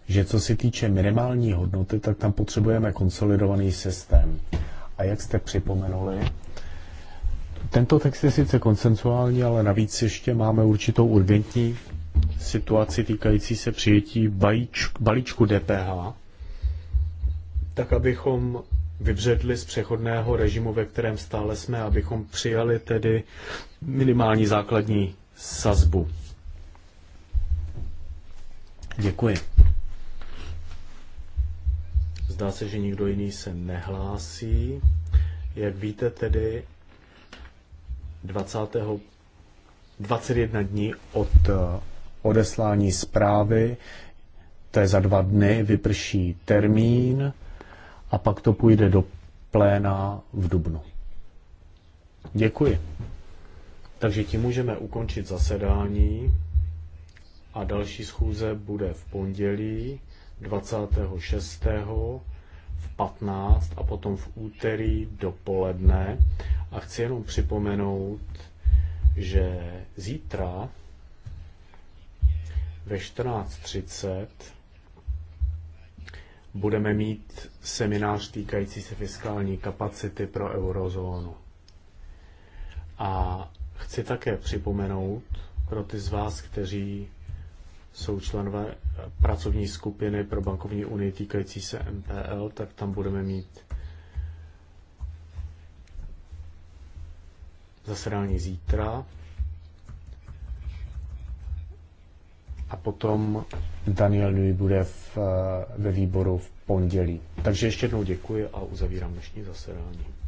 že co se týče minimální hodnoty, tak tam potřebujeme konsolidovaný systém. A jak jste připomenuli, tento text je sice konsensuální, ale navíc ještě máme určitou urgentní situaci týkající se přijetí balíčku DPH, tak abychom vybředli z přechodného režimu, ve kterém stále jsme, abychom přijali tedy minimální základní sazbu. Děkuji. Zdá se, že nikdo jiný se nehlásí. Jak víte tedy 20. 21 dní od eh, odeslání zprávy, to je za dva dny, vyprší termín a pak to půjde do pléna v Dubnu. Děkuji. Takže tím můžeme ukončit zasedání a další schůze bude v pondělí 26. v 15 a potom v úterý dopoledne. A chci jenom připomenout, že zítra ve 14.30 budeme mít seminář týkající se fiskální kapacity pro eurozónu. A chci také připomenout pro ty z vás, kteří jsou členové pracovní skupiny pro bankovní unii týkající se MPL, tak tam budeme mít zasedání zítra a potom Daniel Nui bude v, eh, ve výboru v pondělí. Takže ještě jednou děkuji a uzavírám dnešní zasedání.